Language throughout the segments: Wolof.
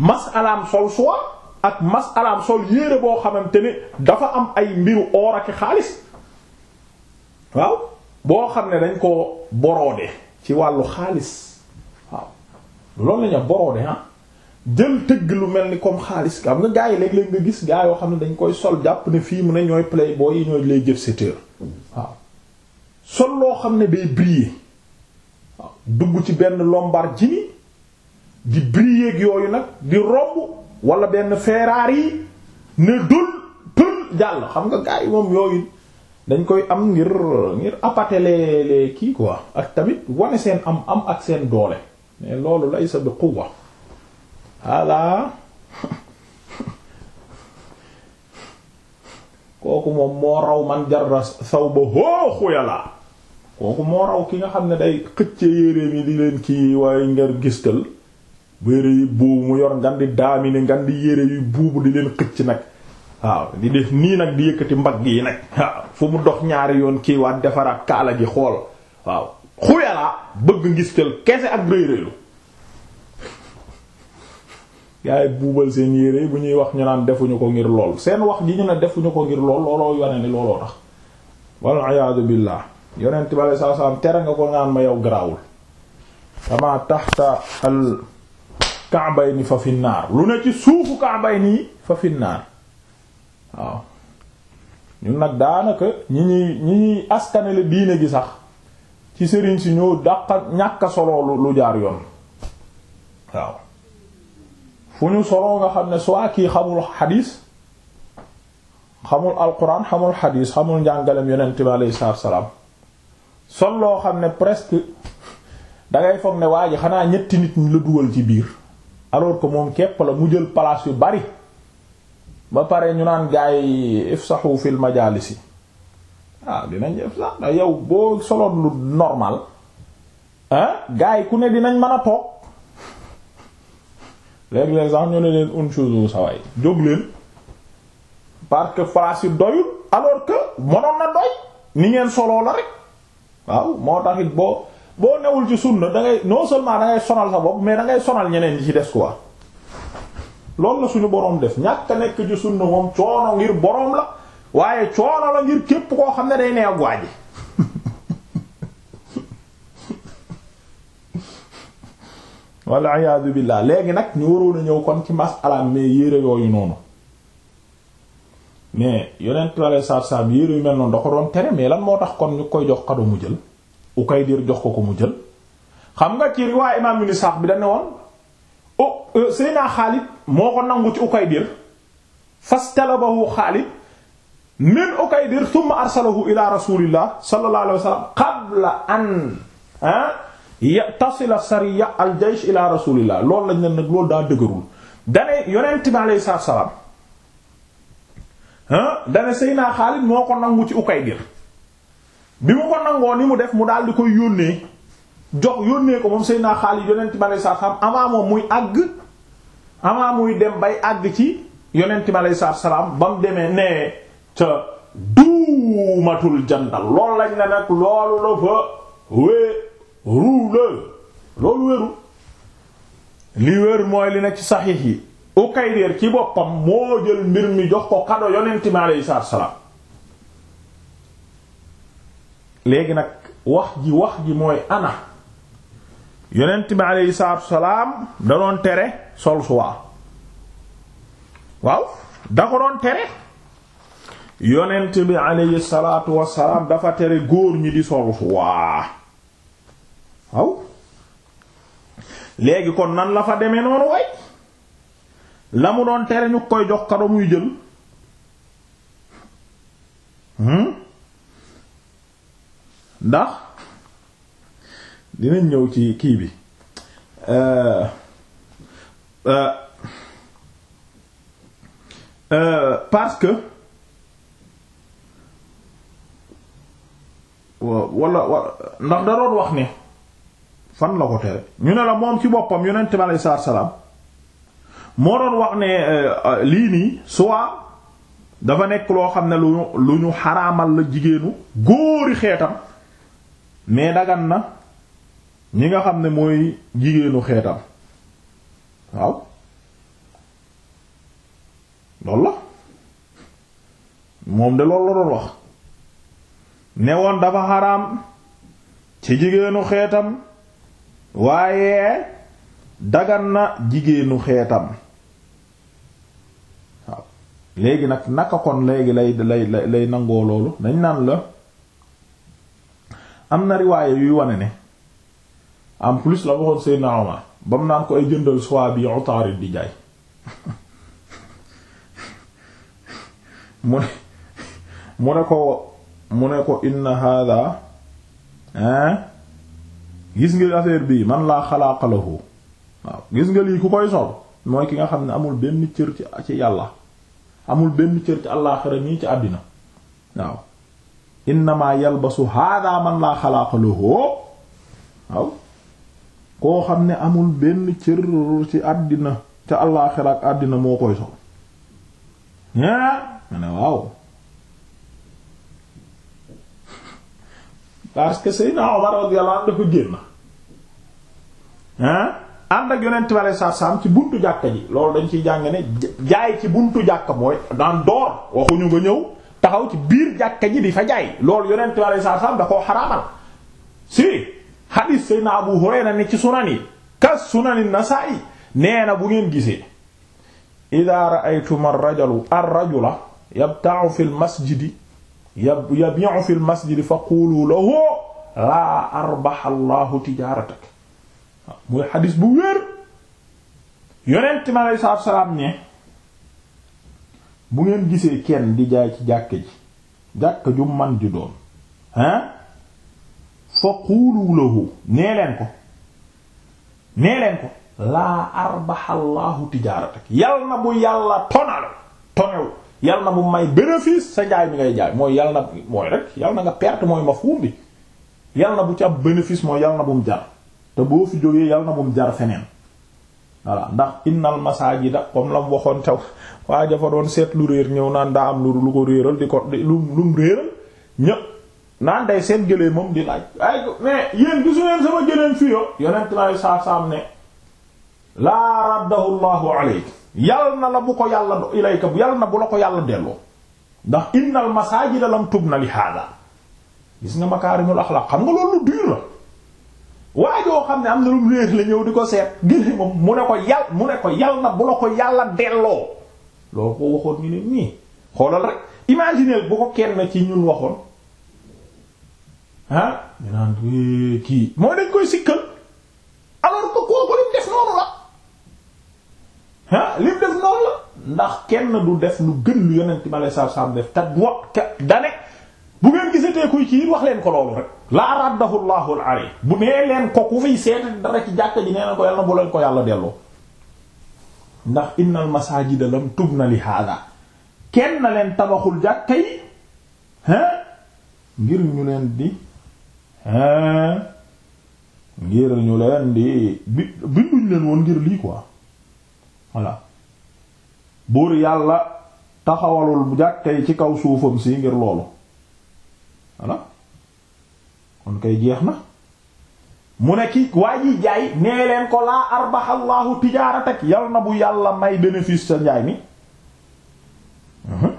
masalaam sol soie ak masalaam sol yére boo xamante ne dafa am ay mbiru or xaalis waaw boo xam ne dañ ko boroode ci wàllu xaalis waaw loolu lañu boroode ah jël tëgg lu mel ni comme xaalis xam nga gaa yi léeg-léeg nga gis gaa yoo xam ne dañ koy sol jàpp ne fii mu ne ñooy playboy yi ñooy lay jëf seteur waaw sol loo xam ne day briller waaw dugg ci benn Lamborghini di brieeg yooyu nag di romb wala benn Ferrari yi ne dul tul jàll xam nga gars moom yooyu dañ koy am ngir ngir appâter les les kii quoi ak tamit wane seen am am ak seen doole mais loolu lay sa bi quwwa kooku moom moo raw man jarra saw ba hoo xuyalaa kooku moo raw ki nga xam ne day xëcce yéreem yi di leen kii waaye ngar gistal yére yi buubu mu yor ngan di daamine ngan di yére yu buubu di leen xëcc nag waaw di def nii nag di yëkkati mbagg yi nag waaw fu mu dox ñaari yoon kiiwaat defaraat kaala gi xool waaw xuyalaa bëgg ngistal kese ak réyréylu gaa yi buubal seen yére yi bu ñuy wax ñu naan defuñu ko ngir lool seen wax ji ñu ne defuñu ko ngir lool looloo yone ni looloo tax wal iyaadu billaah yonent bi sallallahu alayhi tere nga ko naan ma yow garaawul kama taxta al kaabay ni fa fi naar lu ne ci suufu kaabay nii fa fi waaw ñun nag daanaka ñi ñuy ñi ñuy askanale diine gi sax ci sëriñ si ñoo dàqa ñàkk lu jaar yoon waaw fu ñu soloo nga xam ne soit xamul xadiis xamul alquran xamul xadiis xamul njàngalem yonent bi alayhi salaatu salaam sol loo xam ne presque dangay foog ne waa ji xanaa ñetti nit ñu la dugal ci biir alors que moom képp la mu jël place yu bari ba pare ñu naan gaay yi ifsaxu a majalis yi ah dinañ ifsax ndax yow boo soloon lu normal ah gaay ku ne dinañ mën a toog léeg-léeg sax ñu ne leen une chose sa waay jóg leen parce que place yu doyul alors que mënoon na doy ni ngeen soloo la rek waaw moo taxit boo. boo newul ci sunna da ngay non seulement sonal sa bopp mais da ngay sonal ñeneen ñi ci des quoi loolu la suñu borom def ñàkk nekk ci sunna moom coono ngir borom la waaye coono la ngir képp koo xam ne day nee ak waaji walla iyaadu billaah léegi nag ñu waroon a ñëw kon ci masalaam mais yére yooyu noonu mais yonent bi aleyhi salaatu salaam yu mel noonu da ko doon tere mais lan moo tax kon ñu koy jox kado mu jël Ukaydir jox ko ko mu jël xam nga ci riwaay imaam ibn Sa'd bi da ne woon o euh, Seyna Xaalid moo ko nangu ci Ukaydir fastalabahu Xaalid min Ukaydir thumma arsalahu ila rasulillah sallallahu alayhi wa sallam qabla an yatasila sariya al jaysh ila rasulillah lool lañ ne nag loolu daa dëgërul dane yonent bi alayhi salaam dane Seyna Xaalid moo ko nangu ci Ukaydir bi mu ko nangoo ni mu def mu daal di koy yónnee jox yónnee ko moom Seydina Xaalid yonent bi alayhi salaam avant moom muy àgg avant muy dem bay àgg ci yonent bi alayhi salaam ba mu demee nee ca duumatul jandal loolu lañ la nag loolu la fa wéeru la loolu wéeru li wér mooy li nekk ci saxiix yi Ukaydir ci boppam moo jël mbir mi jox ko kado yonent bi alayhi léegi nag wax ji wax ji mooy ana yonent bi aleyhi salaatu salaam da doon tere sol suwaa waaw da ko doon tere yonent bi aleyhi salaatu dafa tere góor ñi di sol suwaa waaw léegi kon nan la fa demee noonu way la mu doon tere ñu koy jox kado muy jël hmm? ndax dinañ ñëw ci kii bi euh, euh, euh, parce que wala ndax da wax ne fan la ko tere ñu ne la moom ci boppam yonent bi aleyhi salaatu salaam moo doon wax ne lii nii soit dafa nekk loo xam ne lu ñu lu xaraamal la jigéenu góori xeetam mais dagan na ñi nga xam ne mooy jigéenu xeetam waaw loolu la moom de loolu la doon wax ne woon dafa xaraam ci jigéenu xeetam waaye dagan na jigéenu xeetam waaw léegi nag naka kon léegi lay lay lay nangoo loolu dañ naan la am na riwaaye yuy wane ne en plus la waxoon Seydina Omar ba mu naan ko ay jëndal soie bi utaarit di jaay mu ne mu ne ko mu ne ko inna hada hein gis nga affaire bii man laa xalaaqa lahu waaw gis nga lii ku koy sol mooy ki nga xam ne amul benn cër ci yàlla amul benn cër ci àllaaxira nii ci àddina waaw innama yalbasu hada man laa xalaaqa lahu waaw koo xam ne amul benn cër ci àddina ca àllaaxira ak àddina moo koy sol ma ne waaw parce que Seydina Omar radiyallahu anhu dafa génn ah ànd ak yonent bi saa ci buntu jàkka ji loolu dañ ciy jàng ne jaay ci buntu jàkka mooy daan door waxuñu nga ñëw taxaw ci biir jàkka ji fa jaay loolu yonent bi alayhi salaam da koo xaraamal si hadith sayna Abu Hurayra ne ci sunan ka sunani Nasaa'i nee na bu ngeen gisee idaa ra'aytum ar-rajula ar-rajula yabta'u fil masjidi yabi'u fil masjidi faqulu lahu laa arbaha tijaaratak muy hadith bu wér yonent bi alayhi salaam ne bu ngeen gisee kenn di jaay ci jàkk ji jàkk ju man ju doon hein faqulu lahu nee leen ko nee leen ko laa arbaxallaahu tijaaratak yal na bu yàlla tonal tonew yal na bu may bénéfice sa jaay mi ngay jaay mooy yal na mooy rek yal na nga perte mooy mafhum bi yal na bu ci ab bénéfice mooy yal na bu jar te boo fi jógee yal na bu mu jar feneen voilà ndax innal masajida comme la mu waxoon taw waa jafa doon seet lu réer ñëw naan daa am lu lu ko réeral di ko lu mu réeral ñëpp naan day seen gëlee moom di laaj ay mais yéen gisu leen sama gëleen fii yo yonent laayu saar-saam ne laa raddahu llahu aleyk na la bu ko yàlla ilayka bu yàlla na bu la ko yàlla delloo ndax innal masajida lam tubna li hada gis nga makaarimul axlaq xam nga loolu lu la waaye joo xam ne am na lu mu réer la ñëw di ko seet gëléemam mu ne ko yàll mu ne ko yàll na bu la ko yàlla delloo loolu ko waxoon ñu ne nii xoolal rek imagineel bu ko kenn ci ñun waxoon ah ñu naan eh, kii mooy dañ koy sikkal alors que kooku lim def noonu la ah lim def noonu la ndax kenn du def lu gën lu yonent ma lay saab saab def te du wax te dane bu ngeen gisatee kuy ci wax leen ko loolu rek laa raddahu llahul aley bu nee leen ko ku fiy seet dara ci jàkk ji nee na ko yàlla bu leen ko yàlla delloo ndax innal masajida lam tubna li hada kenn na leen tabaxul jàkka yi hein ngir ñu leen di hein ngir ñu leen di bi binduñ leen woon ngir lii quoi voilà buur yàlla taxawalul jàkka yi ci kaw suufam si ngir loolu voilà kay jeex na mu ne ki waa jaay nee leen ko laa arbaxallaahu tijaaratak yal na bu yàlla may bénéfice sa njaay mi mhm.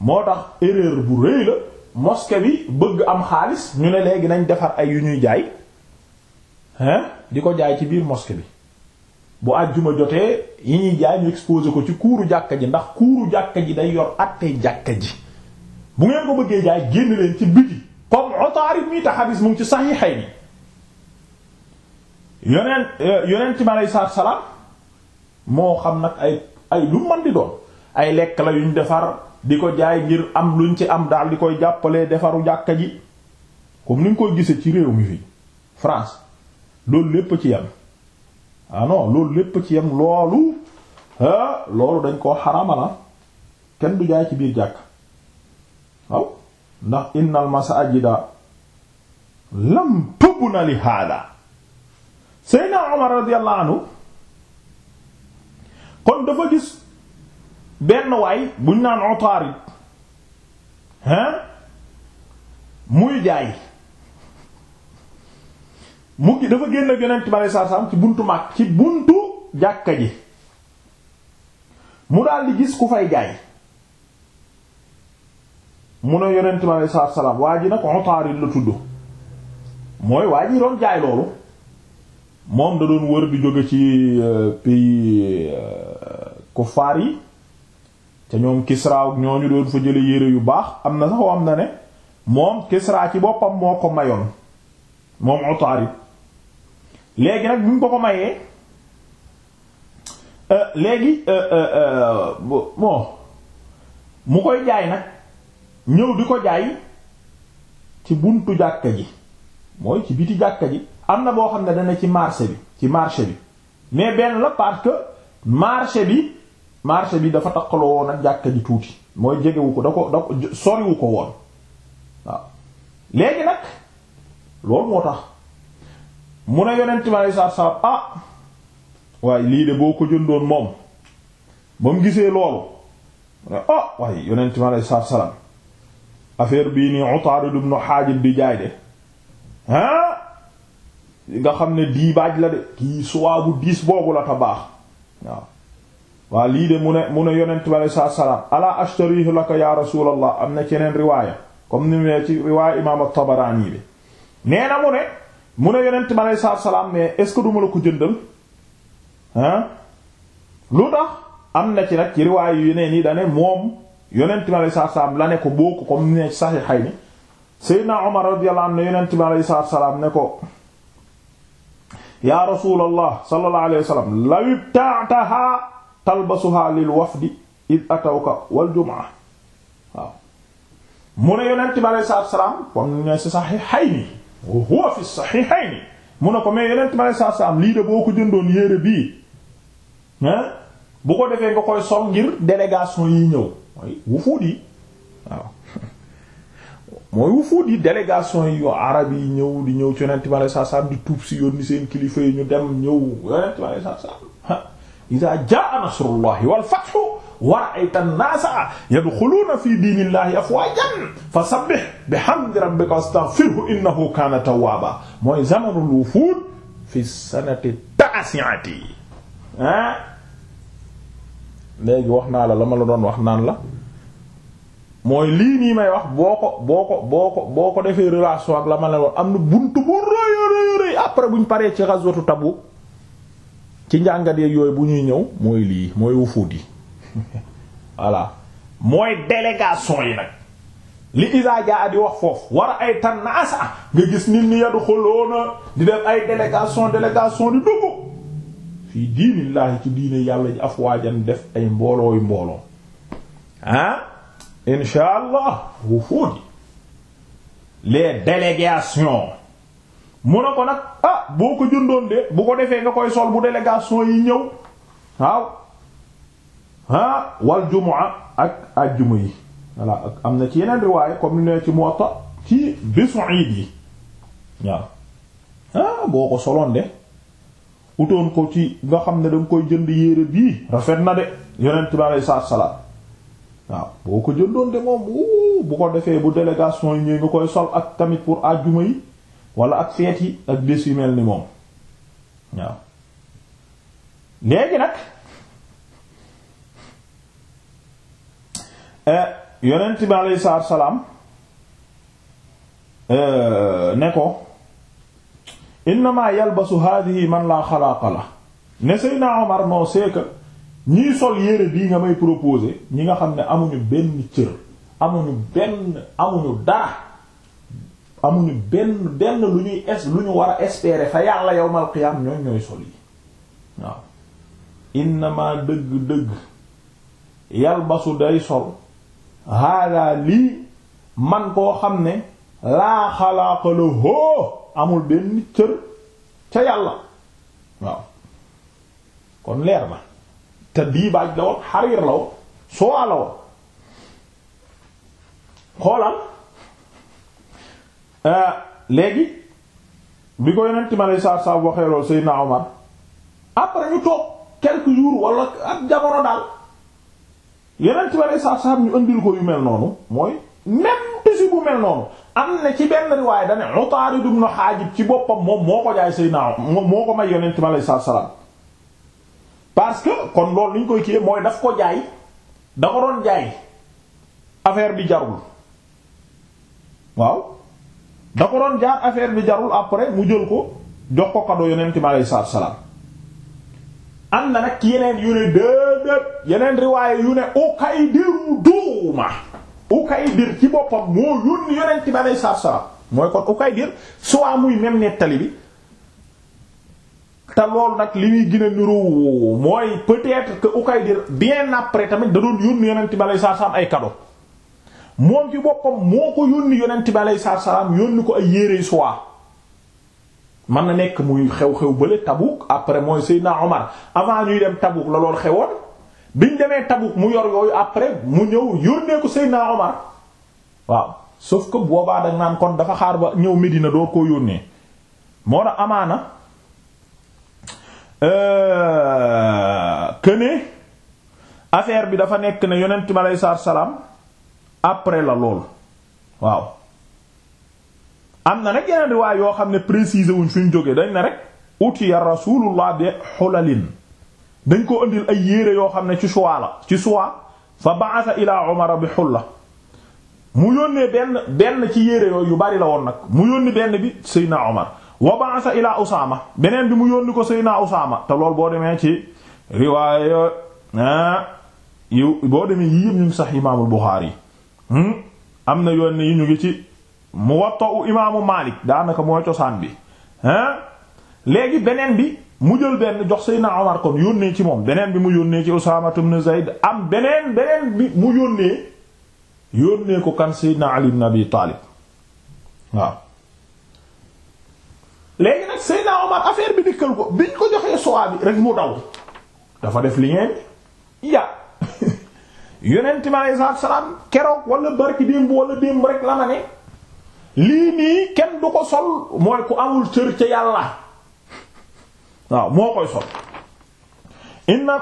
moo tax erreur bu rëy la mosquée bi bëgg am xaalis ñu ne léegi nañ defar ay yu ñuy jaay hein di ko jaay ci biir mosquée bi bu àjjuma jotee yi ñuy jaay ñu exposé ko ci kuuru jàkka ji ndax kuuru jàkka ji day yor àttee jàkka ji bu ngeen ko bëggee jaay génn leen ci biti comme Utarid mi ta xadis mu ngi ci Saxiixayni yoneen yoneen ci aleyhi salaatu salaam moo xam nag ay ay lu man di doon ay lekk la yuñ defar di ko jaay ngir am luñ ci am daal di koy jàppalee defaru jàkka ji comme ni nga koy gisee ci réew mi fii France loolu lépp ci yem ah non loolu lépp ci yem loolu ah, loolu dañ koo xaraama la ah. kenn du jaay ci biir jàkk waaw ndax innal masajida lam tubna li hada Seydina Omar radiyallahu anhu kon dafa gis benn waay buñ naan Utaarid hein muy jaay mu dafa génn Yonent bi sallallahu ci buntu mag ci buntu jàkka ji mu daal di gis ku fay jaay mu ne yonent bi salaam waa ji nag Utaarid la tudd mooy waa ji doon moom da doon wër di jóge ci euh, pays euh, kuffaar yi te ñoom Kisra ñooñu doon fa jële yére yu baax am na sax am na ne moom Kisra ci boppam moo ko mayoon moom Utaarid léegi nag bi mu ko ko euh, mu koy jaay nag. ñëw di ko jaay ci buntu jàkka ji mooy ci biti jàkka ji am na boo xam ne dana ci marché bi ci marché bi mais benn la parce que marché bi marché bi dafa taqaloo woon ak jàkka ji tuuti mooy jegewu ko da ko da ko soriwu ko woon léegi nag loolu moo tax mu ne yonent mi alei satu salaam ah waaye lii de boo ko jëndoon moom ba mu gisee loolu mu ne ah waaye yonent mi salaam affaire bii nii Utaarid ibn Haajib di jaay de ah nga xam ne diibaaj la de kii suwaa diis boobu la ta baax waaw lii de mu ne mu ne yonent bi alei salaatu salaam ala ashtarihu laka ya rasulallah am na ceneen riwaaya comme ni ne ci riwaaya imaam at-Tabaraani bi nee mu ne mu ne yonent bi alei salaam mais est-ce que duma ko jëndal ah lu tax am na ci nag ci riwaaya yu yeneen yi dane moom yonent bi alayhi salaatu salaam la ne ko boo ko comme ne Sahihayni Seydina Omar radiyallahu anhu ne yonent bi alayhi salaam ne ko yaa rasuulallah sallallahu alayhi wa sallam law ibta'tahaa talbasuhaa lil wafdi id wal jumaa waaw mu ne yonent bi alayhi salaam comme ne ci Sahihayni wa huwa fi Sahihayni mu ne ko mais yonent bi alayhi salaam lii de boo ko jëndoon yére bii bu ko defee nga koy sol ngir délégation yi ñëw mooy wufuud yi waaw yo arab yi di ñëw ci yonent bi alayhi salaam di ñu dem ñëw yonent bi jaa nasrullahi wal fathu wa ra'ayta an-naasa yadkhuluuna fi diinillahi afwaajan fasabbih bihamdi rabbika wastaghfirhu innahu kaana mooy zamanul wufuud fi sanati taasi'ati léegi wax naa la la ma la doon wax naan la mooy lii nii may wax boo ko boo ko boo ko boo ko defee relation ak la ma la woon am na buntu bu rëy rëy rëy après buñ paree ci ghazwatu Tabuk ci njàngat yeeg yooyu bu ñuy ñëw mooy lii mooy wufuut yi voilà mooy délégation yi nag li isa a di wax foofu war ay tannaasa nga gis nit ñi yadu xoloona di def ay délégation délégation di dugg fii diinillaahi ci diine yàlla ji afwaajan def ay mboolooy mbooloo ah insha allah wufuudi les délégations mun na ko nag ah boo ko jëndoon de bu ko defee nga koy sol bu délégation yi ñëw waaw ah wal jumaa ak ajjuma yi voilà ak am na ci yeneen riwaaye comme ni ne ci Muwatta ci iid yi waaw ah boo ko soloon de utoon ko ci nga xam ne danga koy jënd yére bii rafet na de yonent bi aleyhi salaam waaw boo ko jëndoon de moom bu ko defee bu délégation yi nga koy sol ak tamit pour àjjuma yi wala ak feet yi ak bés yu mel ni moom waaw léegi nag eh, yonent bi aleyhi salaam eh, ne ko innama yalbasu hadihi man laa xalaaqa la ne Seydina Omar non c'est que ñiy sol yére bii nga may proposer ñi nga xam ne amuñu benn cër amuñu benn amuñu dara amuñu benn benn lu ñuy es lu ñu war a espérer fa yàlla yawmal qiyaam ñooñ ñooy sol yi waaw innama dëgg-dëgg yalbasu day sol hada lii man koo xam ne laa xalaaqa la hoo amul benn cër ca yàlla waaw kon leer na te diibaaj la woon xariir la woon xoolal euh, léegi bi ko yonent ma lay saar saar waxee loolu Seydina Omar après ñu toog quelques jours wala ak jamono daal yonent ma lay saar saar ñu indil ko yu mel noonu mooy même tissu bu mel noonu am na ci benn riwaay da ne Utaarid ibn Haajib ci boppam moom moo ko jaay Seydina moom moo ko may yonent bi alayhi salaam parce que kon loolu ñu koy kiiyee mooy daf ko jaay da bi jarul waaw jaar affaire bi jarul après mu jël ko jox ko cadeau yonent bi alayhi salaam am na nag yeneen yu ne déedéet yeneen riwaay yu ne ukay diru duuma. Ukaydir ci boppam moo yónni yonent bi alayhi salaatu salaam mooy kon Ukaydir soit muy même nettali bi te loolu nag li muy gën a niru mooy peut-être que Ukaydir bien après tamit da doon yónni yonent bi alayhi salaam ay cadeau moom ci boppam moo ko yónni yonent bi alayhi salaatu salaam yónni ko ay yére soit mën na nekk muy xew-xew bële Tabuk après mooy Seydina Omar avant ñuy dem Tabuk la lool xewoon. biñ demee Tabuk mu yor yooyu après mu ñëw yónnee ko Seydina Omar waaw sauf que boobaa dañ naan kon dafa xaar ba ñëw Medina doo koo yónnee moo tax amaana euh, que ne affaire bi dafa nekk ne yonent bi aleyhi salaatu salaam après la lool waaw am na nag yeneen riwaay yoo xam ne préciser wuñ fi ñu jógee dañ ne rek utiya rasulullah bi xulalin dañ ko indil ay yéere yoo xam ne ci choix la ci choix fa ba'atha ila Umar bi hulla mu yónnee benn benn ci yére yooyu yu bari la woon nag mu yónni benn bi Seydina Omar wa ba'atha ila Usaama beneen bi mu yónni ko Seydina Usaama te loolu boo demee ci riwaaya ah, yu boo demee yii yëpp ngi sax imaamul Buxaari yi hmm? am na yoon ñu ngi ci Muwatta u imaamu Maalik daanaka mooy cosaan bi ah? léegi beneen bi mu jël benn jox Seydina Omar kon yónnee ci moom beneen bi mu yónnee ci Usaama ibn Zayd am beneen beneen bi mu yónnee yónnee ko kan Seydina Ali ibn Abi Taalib waaw léegi nag Seydina Omar affaire bi dikkal ko biñ ko joxee soowaa bi rek mu daw dafa def li ngeen ya yonent mi aleyhi salaam keroog wala barki démb wala démb rek la lii nii kenn du ko sol mooy ku amul cër ca yàlla waaw moo koy sol inna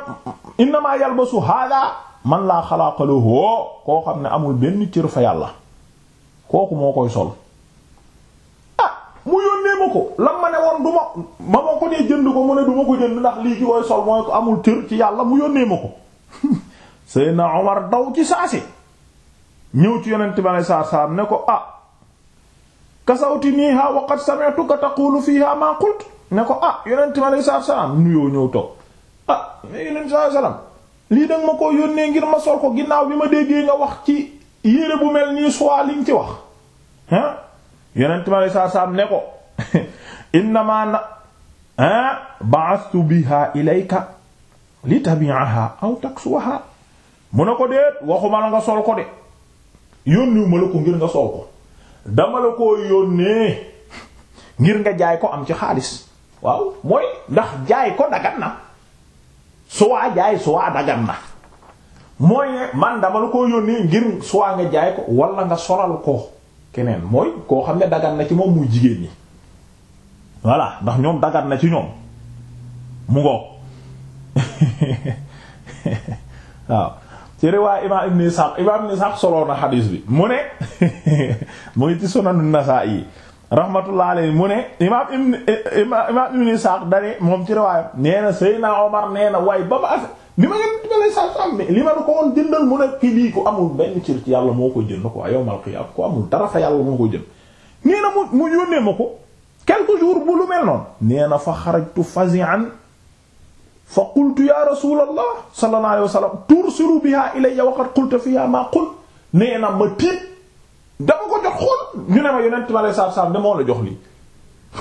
innamaa yalbasu hada man laa xalaaqa lahu koo xam ne amul benn cër fa yàlla kooku moo koy sol ah mu yónnee ma ko lam ma ne woon du ma ma ko dee jënd ko mu ne du ko jënd ndax lii ki koy sol mooy ko amul cër ci yàlla mu yónnee ma ko Seydina Omar daw ci saasi ñëw ci yonent bi alei saatu salaam ne ko ah kasawti niiha wa qad sami'tuka taqulu fiha ma qultu ne ko ah yonent mi aleyhi salaatu salaam nuyoo ñëw toog ah mais yonent salaatu salaam lii da ma ko yónnee ngir ma sol ko ginnaaw bi ma déggee nga wax ci yére bu mel nii soit liñ ci wax ah yonent mi aleyhi salaatu salaam ne ko innamaa na ah ba'astu biha ilayka li tabi'aha aw taksuha mu ne ko déet waxuma la nga sol ko de yónniwuma la ko ngir nga sol ko dama la ko yónnee ngir nga jaay ko am ci xaalis waaw mooy ndax jaay ko dagan na suwaa jaay suwaa dagan na mooy man dama la ko yónnee ngir suwaa nga jaay ko walla nga solal ko keneen mooy koo xam ne dagan na ci moom jigéen ñi voilà ndax ñoom dagan na ci ñoom mu ngoo waaw ci riwaay imaam ibn Ishaq imaam ibn Ishaq soloon na xadiis bi mu ne muy ci Sunan Nasa'i rahmatullah alayhi mu ne imaam ibn imaam ibn Isaaq dane moom ci riwaayam nee na Seydina Omar nee na waaye ba ma as li ma ngeen tibale ko woon jëndal mu ne lii ku amul benn cër ci yàlla moo ko jënd ko waa yawmal qiyaama ku amul dara fa yàlla moo ko jënd nee na mu mu yónnee ko quelques jours bu lu mel noonu nee fa xarajtu fazi'an fa qultu ya rasulallah sallallahu alayhi biha ilayya wa qad qulta fiha ma qult ma tiit dama ko jox xool ñu ne ma yonent ma lay saab saab de moo la jox lii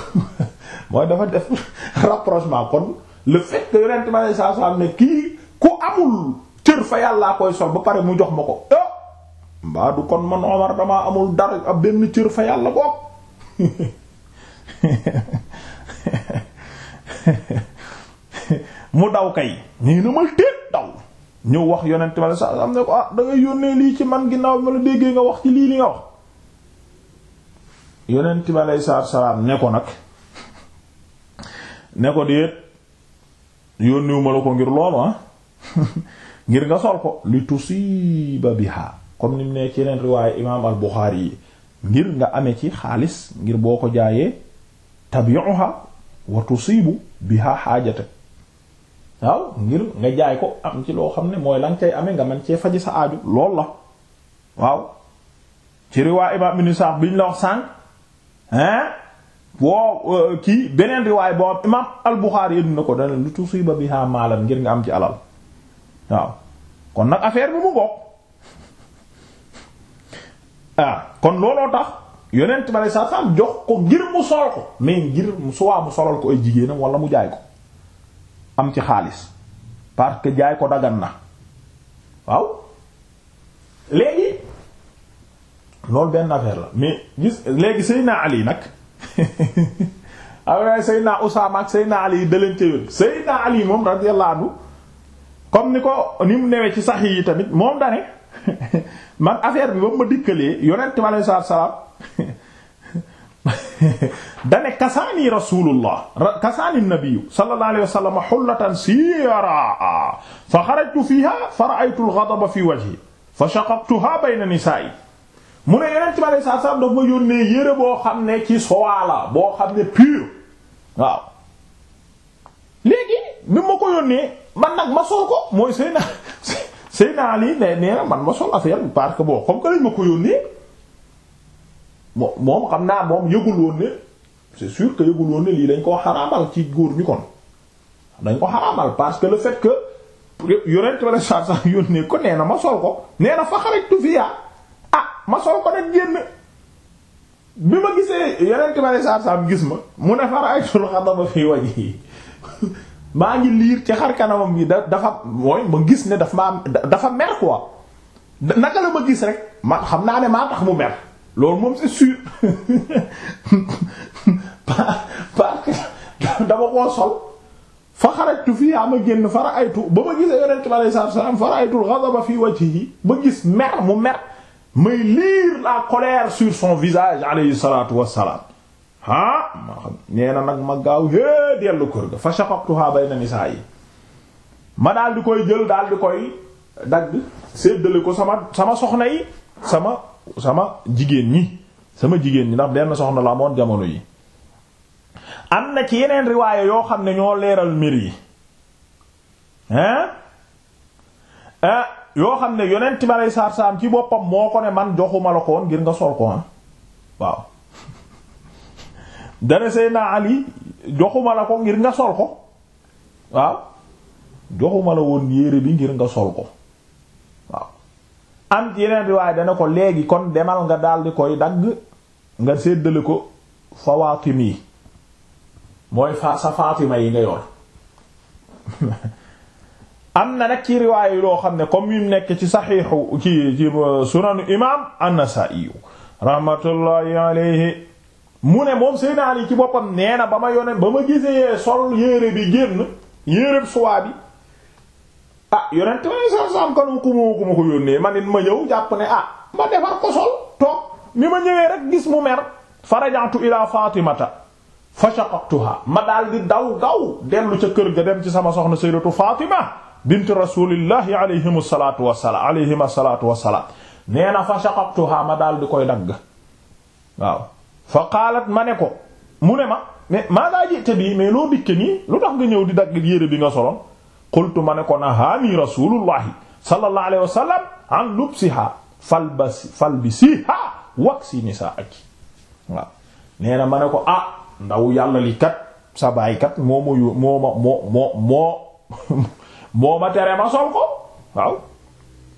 mooy dafa def rapprochement kon le fait que ma lay saab saab ne kii ku amul cër koy sol ba pare mu jox ma ko ah mbaa kon man Omar damaa amul ab benn cër fa yàlla boog mu daw kay nii na ma téet daw ñëw wax yonent ma lay saab saab ne ko ah da yónnee lii ci man ginnaaw bi ma la déggee nga wax ci lii li nga wax yonent bi aleyhi salaatu salaam ne ko nag ne ko déet yónniwuma la ko ngir looma ah, ngir nga sol ko li tusiba biha comme ni mu ne ci yeneen riwaaye imaam al Buxaari yi ngir nga ame ci xaalis ngir boo ko jaayee tabi'uha wa tusibu biha xaajate waaw ngir nga jaay ko am ci loo xam ne mooy lan cay amee nga man cee faji sa aaju lool la waaw ci riwaa imaam ibn Sa'd biñ la wax sànq hein boo euh, kii beneen riwaay boo am imaam al-Bukhari yëndu na ko dana lu tusiba biha maalan ngir nga am ci alal waaw kon nag affaire bi mu bokk ah, kon looloo tax yonent bale saa saam jox ko ngir mu sol ko mais ngir mu suwaa mu solal ko ay jigéenam wala mu jaay ko am ci xaalis parce que jaay ko dagan na waaw léegi loolu benn affaire la mais gis léegi Seydina Ali nag away Seydina Usaama ak Seydina Ali da leen téwél Seydina moom ni ko ni mu ci sax yi tamit moom dane man affaire bi ba ma dikkalee yonent bi alei salaatu salaam kasaani rasulullah kasaani nabiyu sallallahu alayhi wa fa xarajtu fiha fa ra'aytu al-ghadaba fi wajhi fa shaqaqtuha bayna nisaa'i mu ne yeneen ci bari saa saa dafa ma yónnee yére boo xam ne ci soie boo xam ne pur waaw léegi bi ma ko yónnee man nag ma sol ko mooy Seyna Seyna Ali ne nee man ma sol affaire parce que bon comme que lañ ma ko yónnee moom xam naa moom yëgul woon ne c'est lii dañ koo xaraamal ci góor ñu kon dañ ko xaraamal parce que le fait que yonent ci bari saa yónnee ko nee na ma sol ko nee na fa xarajtu fiya ma sol ko nag génn bi ma gisee yeneen tibari saab gis ma mu ne fara ay tul fii waj yi maa ngi liir ci xar kanamam bi da dafa mooy ma gis ne daf ma dafa mer quoi naka gis rek ma xam naa ne maa mu mer loolu moom c'est sûr parce que dama koo sol fa xarajtu fii yaa ma génn fara aytu ba ma gisee yonent bi alei satu aytul ghadaba fii wajhihi ba gis mer mu mer may lire la colère sur son visage alayhi salatu wassalaam ah ma xam nee nag ma gaaw é dellu kër ga fa shaqaqtuha bayna nisaa yi ma daal di koy jël daal di koy dagg séddale ko sama sama soxna yi sama sama jigéen ñi sama jigéen ñi ndax benn soxna la amoon jamono yi am na ci yeneen riwaaya yoo xam ne ñoo leeral mir yi hein Eh, yoo xam ne yonent ma lay saar saam ci boppam moo ko ne man joxuma la ko ngir nga sol ko ah waaw dana Seydina Ali joxuma la ko ngir nga sol ko waaw la woon yére bi ngir nga sol ko waaw am yeneen riwaay dana ko léegi kon demal nga daldi koy dagg nga séddale ko Fawaatimi yi mooy fa sa Faatima yi nga yor am na nag ci riwaay xam ne comme yu nekk ci saxiixu ci ci euh, sunanu imaam an-Nasaa'i rahmatullahi alayhi mu ne moom Seydina Ali ci boppam nee na ba ma yoneen ba ma gisee sol yére bi génn yére suwaa bi ah yonent ma sa ma ku ma ñëw jàpp ne ah ma defar ko sol toog ni ma ñëwee rek gis mu mer farajaatu ila fatimata fa shaqaqtuha ma daal di daw gaw dellu ca kër ga dem ci sama soxna sayyidatu Fatima bint rasulillahi alayhim salaatu wasalaam alayhima salaatu wasalaam nee na fa shaqaqtuha ma daal di koy dagg waaw fa qaalat ma ne ko mu ne ma mais maagaa jite bii loo dikke nii lu tax ñëw di dagg yére bi nga soloon qultu ma ne ko nahaani rasulullahi sallallahu alayhi wa sallam an lubsiha falbasi falbisiha waksi nisaaki waaw nee na ma ko ah ndaw yàlla moo moo ma ma sol ko waaw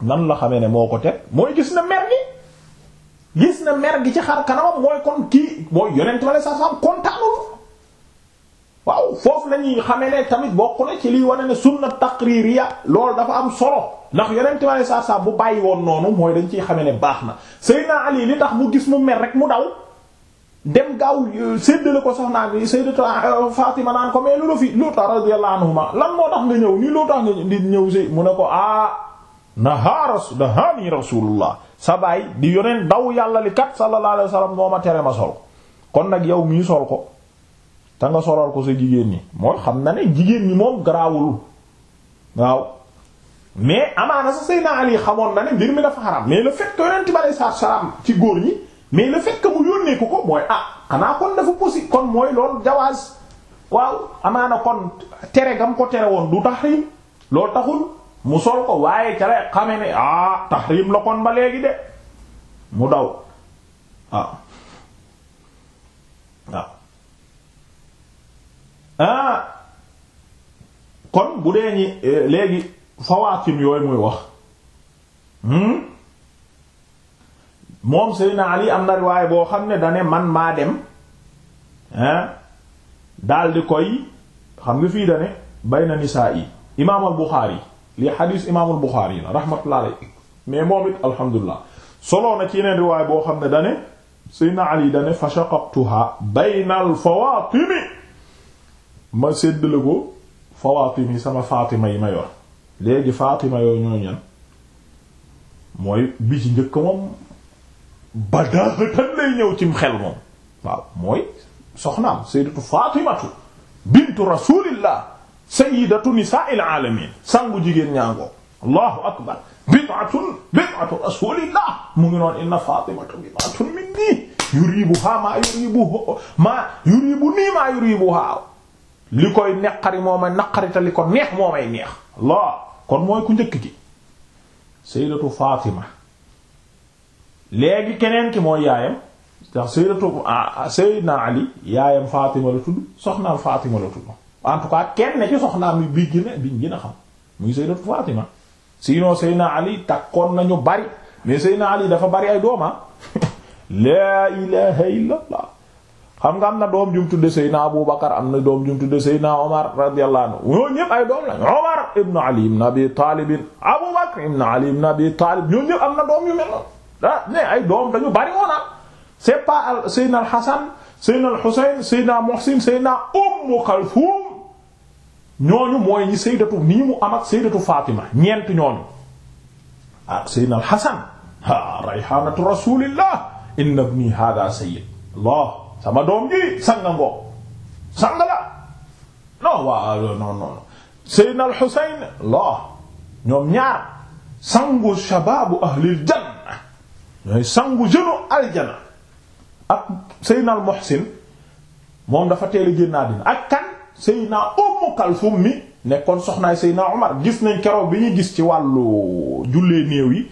nan la xame ne moo ko teg mooy gis na mer gi gis na mer gi ci xar kanamam mooy kon kii mooy yonent ma la sa sam kontaanul waaw foofu lañuy xamee ne tamit bokk na ci liy wane ne sunna ya lool dafa am solo ndax yonent ma la sa sam bu bàyyi woon noonu mooy dañ ci xame ne baax na Seydina Ali li tax mu gis mu mer rek mu daw dem gaaw euh, séddale ko soxnaa bi sayyidatu euh, Fatima naan ko mais lu la fi lu tax radiyallahu anhuma lan moo tax nga ñëw nii loo tax nga ñëw si mu ne ko ah naha rasul nahani rasulullah sa baay di yoneen daw yàlla li kat sallallahu alayhi wasallam moo ma tere ma sol kon nag yow mii sol ko te nga solal ko sa jigéen ñi mooy xam na ne jigéen ñi moom garaawul waaw mais amaana sa Seydina Ali xamoon na ne mbir mi dafa xaram mais le fait que yonent bi alayhi salaam ci góor ñi mais le fait que mu yónnee ko ko mooy ah xanaa kon dafa possible kon mooy loolu jawaaz waaw amaana kon tere gam ko tere woon du tahrim loolu taxul mu sol ko waaye ca lay xame ne ah tahrim la kon ba léegi de mu daw waaw ah. ah. waaw ah kon bu dee ñi eh, léegi fawaatim yooyu muy wax hmm moom Seydina Ali am na riwaay boo xam ne dane man maa dem hein daal koy xam nga fii dane bayna nisaa yi imaamal Buxaari li xadiis imaamal Buxaari la rahmatullah alayhi mais moom it alhamdulilah soloo na ci yeneen riwaay boo xam ne dane Seydina Ali dane fa shaqaqtuha baynal fawaatimi ma séddale ko fawaatimi sama Faatima yi ma yor léegi Faatima yooyu ñoo ñan mooy bi ci njëkk moom badaaxatan lay ñëw cim xel moom waaw mooy Faatimatu bintu rasulillah sayyidatu nisaa'il alamin sangu akbar bid'atun bid'atu rasulillah mu ngi inna Faatimatu bid'atun minni yuribuha ma yuribuni ma yuribuha li koy neqari moo may naqari te li ko neex moo may neex kon mooy ku njëkk gi sayyidatu Faatima léegi keneen ki mooy yaayam ndax sayyidatu ah, ah, sayyidina Ali yaayam Fatima la tudd soxnaam Fatima la tudd en tout cas kenn ci soxnaam bi gën a biñ gën a xam muy sayyidatu Fatima sinon sayyidina Ali takkoon nañu bari mais sayyidina Ali dafa bari ay dooma ah. laa ilaha illallah xam nga am na doom jum tudde Seydina Abu Bakar am na doom jum tudde Seydina Omar radiyallahu anhu ñooñu ñëpp ay doom lañ Omar ibn Ali ibn Abi Talib Abu Bakr ibn Ali ibn Abi Talib ñooñu ñëpp am na doom yu mel noonu ah mais ay doom dañu bari woon ah c'est pas Seydina al Hasan Seydina al Husayn Seydina Muhsin Seydina Ummu Kalthum ñooñu mooy ñi sayyidatu nii mu am ak sayyidatu Fatima ñeent ñooñu ah Seydina al Hasan ah rayhanatu rasulillah inna ibni hadha sayyid Allah sama doom ji sanga ngoo sanga la non waa non non non Seydina al Husayn Allah ñoom ñaar sangu shababu ahlil janna ñooy sangu jënu aljana ak Seydina al Muhsin moom dafa teel a génn àddina ak kan Seydina Ummu Kalsum mi nekkoon soxnaay Seydina Omar gis nañ keroog bi ñu gis ci wàllu jullee néew yi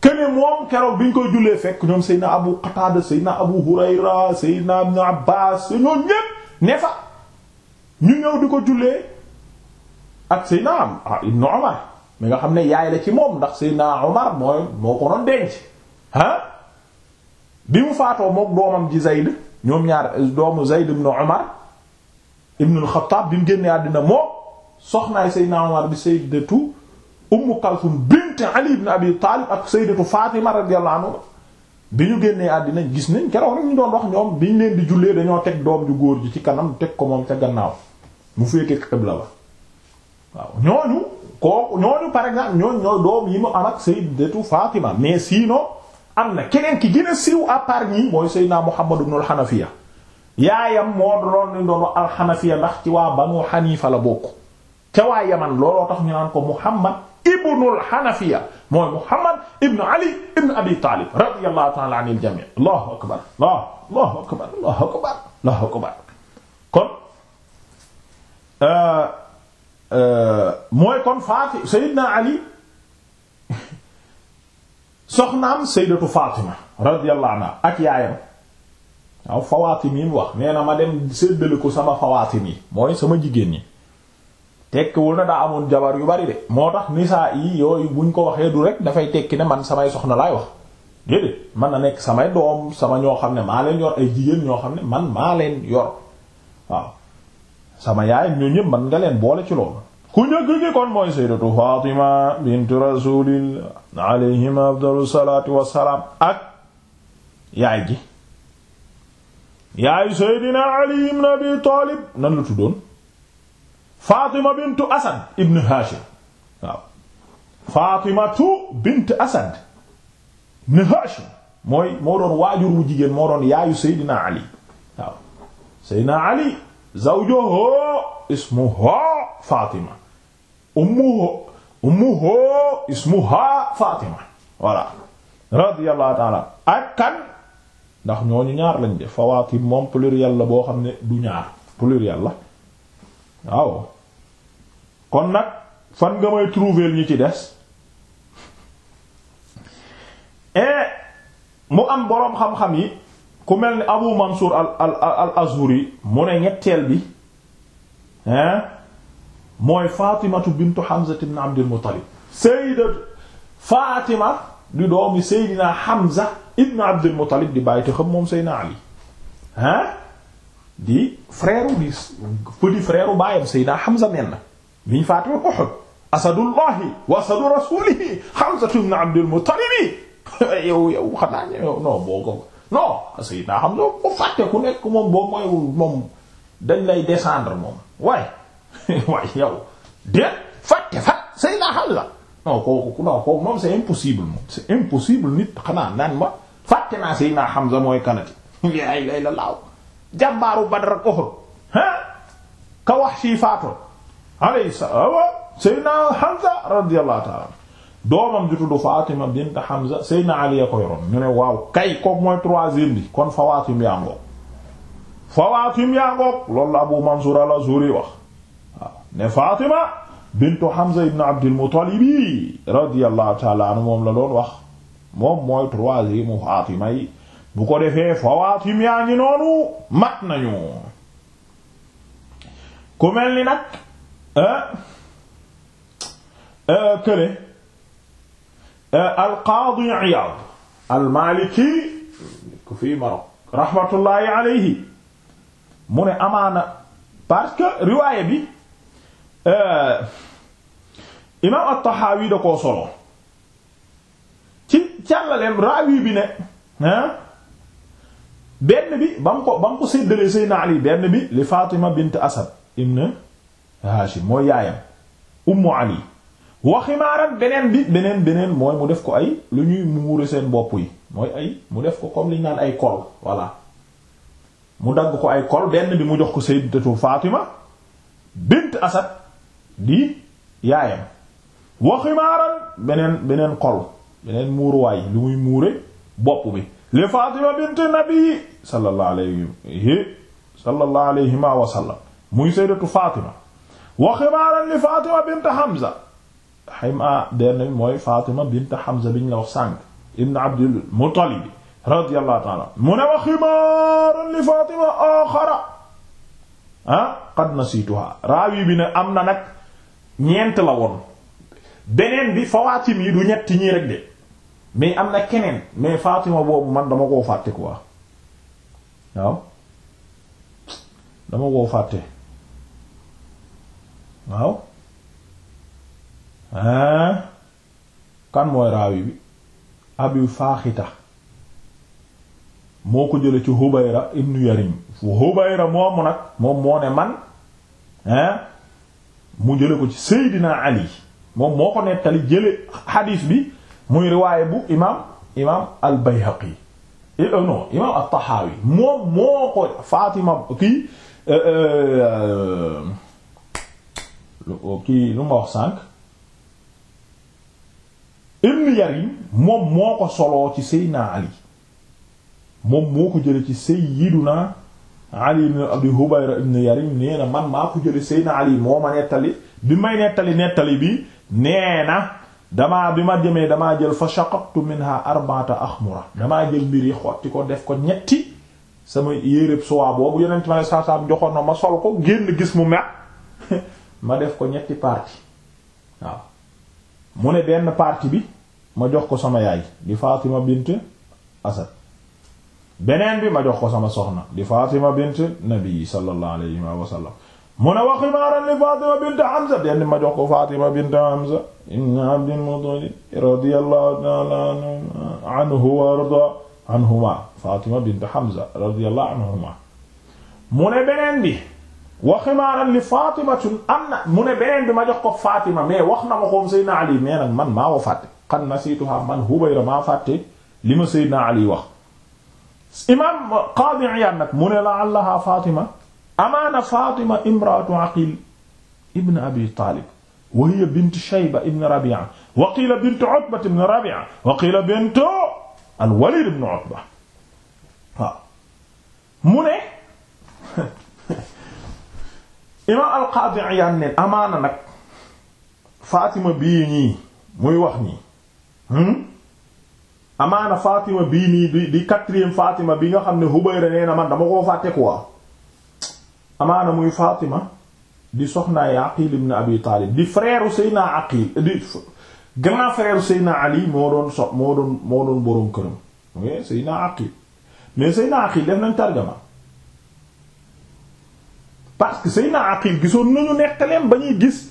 kene moom keroog bi ñu koy jullee fekk ñoom Seydina Abu Qatada Seydina Abu Hurayra Seydina Ibn Abbas ñoom ñépp ne fa ñu ñëw di ko jullee ak Seydina Ibn Omar mi nga xam ne yaay la ci moom ndax Seydina Omar mooy moo ko doon denc ah bi mu faatoo mook doomam ji Zayd ñoom ñaar doomu Zayd ibn Umar ibn al bi mu génnee àddina moo soxnaay Seydina Umar bi Sayyidatu Umm Kalthum bint Ali ibn Abi Talib ak Sayyidatu Fatima radiyallahu anha bi ñu génnee àddina gis ni keroog rek ñu doon wax ñoom bi ñu leen di jullee dañoo teg doom ju góor ji ci kanam teg ko moom ca gannaaw mu féete xibla ba waaw ñooñu kooku ñooñu par exemple ñooñu ñooy doom yi mu am ak Sayyidatu Fatima mais sinon am na keneen ki gën a siiw à part ñii mooy Seydina Muhammad ibn al-Hanafiya yaayam moo doon ni doon al-Hanafiya ndax ci waa Banu Hanifa la bokk te waa Yaman looloo tax ñu naan ko Muhammad ibn al-Hanafiya mooy Muhammad ibn Ali ibn Abi Talib radiyallahu ta'ala anil jami' Allahu akbar Allahu akbar Allahu akbar Allahu akbar kon euh, euh, mooy kon Faati Seydina Ali soxnaam sayyidatu Fatima radiyallahu anha ak yaayam waaw Fawatim yi mu wax nee na ma dem séddale sama Fawatim yi mooy sama jigéen ñi tekkiwul na daa amoon jabar yu bari de moo tax nisaa yi yooyu buñ ko waxee du rek dafay tekki ne man samay soxna laay wax déedéet man na nekk samay doom sama ñoo xam ne maa leen yor ay jigéen ñoo xam ne man maa leen yor waaw sama yaayam ñoo ñëpp man nga leen boole ci loolu ku njëkk gi kon mooy sayyidatu Fatima bintu rasulillah alayhima afdalu salaatu wassalaam ak yaay ji yaayu sayyidina Ali ibn Abi Talib nan la tuddoon Fatima bintu Asad ibn Hashim waaw Fatimatu bint Asad ibn Hashim mooy moo doon waajur wu jigéen moo doon yaayu sayyidina Ali waaw sayyidina Ali zawjuhu ismuhu Fatima ummuhu ummuhu ismuha Fatima voilà radiyallahu ta'ala ak kan ndax ñooñu ñaar lañ def fawatim moom pluriel la boo xam ne du ñaar pluriel la waaw kon nag fan nga may trouver ñi ci des eh, mu am boroom xam-xam yi ku mel ni Abu Mansur al al al Azhuri mu ne ñetteel bi eh? mooy Fatimatu bintu Hamza ibn Abdul Muttalib sayyidat Fatima di doomi Seydina Hamza ibn Abdul Muttalib di bàyyi te xam moom Seydina Ali ah di frère di petit frère baayam Seydina Hamza mel na biñ Fatima Uhud asadullahi wa asadu rasulihi Hamza ibn Abdul Muttalib yow yow xanaa yow non boo ko non Seydina Hamza ko fàtte ku nekk moom boo mooy moom dañ lay descendre moom waaye. waaye yow déet fàtte fat say naa Hamza non kooku non kooku moom c'est impossible moom nit xanaa naan ma fàtte naa Seydina Hamza mooy kanati la laaw jàmbaaru Badr ak Uhud ka Wahshi faatoo alayhi salaam Seydina Hamza radiyallahu doomam ju tuddu Fatima bint Hamza Seydina Ali ya ko yoroon ñu ne waaw kay kooku mooy troisième bi kon Fawaatim yaa ngoog Fawaatim yaa ngoog loolu la Abu Mansur al-Azuri wax ne Fatima bintu Hamza ibn Abdul Muttalib radiyallahu ta'ala anhu moom la doon wax moom mooy troisième mu Fatima yi bu ko defee Fawatim yaa ngi noonu mat nañu ku mel ni nag eh, eh, kële eh, al qaadi Iyaad al Maliki ku fi Maroc rahmatullahi alayhi mu ne amaana parce que riwaaya bi Eh, imaam at-Tahawi da koo solo ci càllaleem raawi bi ne benn bi ba mu ko ba mu ko séddalee Seydina Ali benn bi li Fatima bint Asad ibn Hashim mooy yaayam ummu Ali waximaaran beneen bi beneen beneen mooy mu def ko ay lu ñuy muure seen bopp yi mooy ay mu def ko comme li ñu naan ay kol voilà mu dagg ko ay kol benn bi mu jox ko Sayyidatu Fatima bint Asad di yaayam waximaaran beneen beneen xol beneen muuruwaay lu muy muure bopp bi li Fatima bint nabii sallallahu alayhi sallallahu alayhima wa sallam muy sayyidatu Fatima waximaaran li Fatima bint Hamza xayma benn mooy Fatima bint Hamza biñ la wax sànq ibn Abdul Muttalib radiyallahu ta'ala mu ne waximaaran li Fatima axara ah qad nasiituha raawi bi am na nag ñeent la woon beneen bi fawaatim yi du ñetti ñii rek de mais am na keneen mais Fatima boobu man dama koo fàtte quoi waaw dama koo fàtte waaw ah kan mooy raawi bi Abu Faaxita moo ko jële ci Hubayra ibnu Yarim fu Hubayra moomu nag moom moo ne man ah mu jële ko ci Seydina Ali moom moo ko nettali jële xadiis bi muy riwaaye bu imaam imaam al Bayhaqi eh, euh, imaam al Tahawi moom moo ko Fatima kii euh, euh, kii lu ma wax sànq moom moo ko soloo ci Seydina Ali moom moo ko jële ci Seydina Ali ibn Abi Hubayra ibn Yarim nee man maa ko jële Seydina Ali moo ma nettali bi may nettali nettali bi nee damaa bi ma jëmee damaa jël fa shaqaqtu minha arba'ata axmura damaa jël mbir yi xotti ko def ko ñetti sama yéréb suwaa boobu yonent ma ne saasaam joxoon na ma sol ko génn gis mu meq ma def ko ñetti partie waaw mu ne benn partie bi ma jox ko sama yaay di Fatima bint Asad beneen bi ma jox ko sama soxna di Fatima bint nabi sallallahu alayhi wa sallam mu ne wa ximaaran li Fatima bint Hamza benn ma jox ko Fatima bint Hamza ibn Abdil Muttalib radiyallahu ta'ala anhu wa arda anhuma Fatima bint Hamza radiyallahu anhuma mu ne beneen bi wa ximaaran li Fatimatun am na mu ne beneen bi ma jox ko Fatima mais wax na ma ko Seydina Ali mais nag man maa ko fàtte qad nasiituha man Hubayra maa fàtte li ma Seydina Ali wax imaam Qaadi Iyaad nag mu ne la allaha Fatima amaana Fatima imraatu Aqil ibn Abi Taalib wa hiya bint Shayba ibn Rabi'a wa qiila bint Utba ibn Rabi'a wa qiila bint al-Walid ibn Utba waaw mu ne imaam al-Qaadi Iyaad ne amaana nag Fatima bii ñii muy wax nii hmm? amaana Fatima bii nii di di bi nga xam ne Hubayra nee na man dama koo fàtte quoi amaana muy Fatima di soxnaay Aqil ibn Abi Talib di frère Seyna Aqil grand frère Seyna Ali moo doon so moo doon moo def nañ tarjama parce que Seyna Aqil gisoon nañu nettaleen ba ñuy gis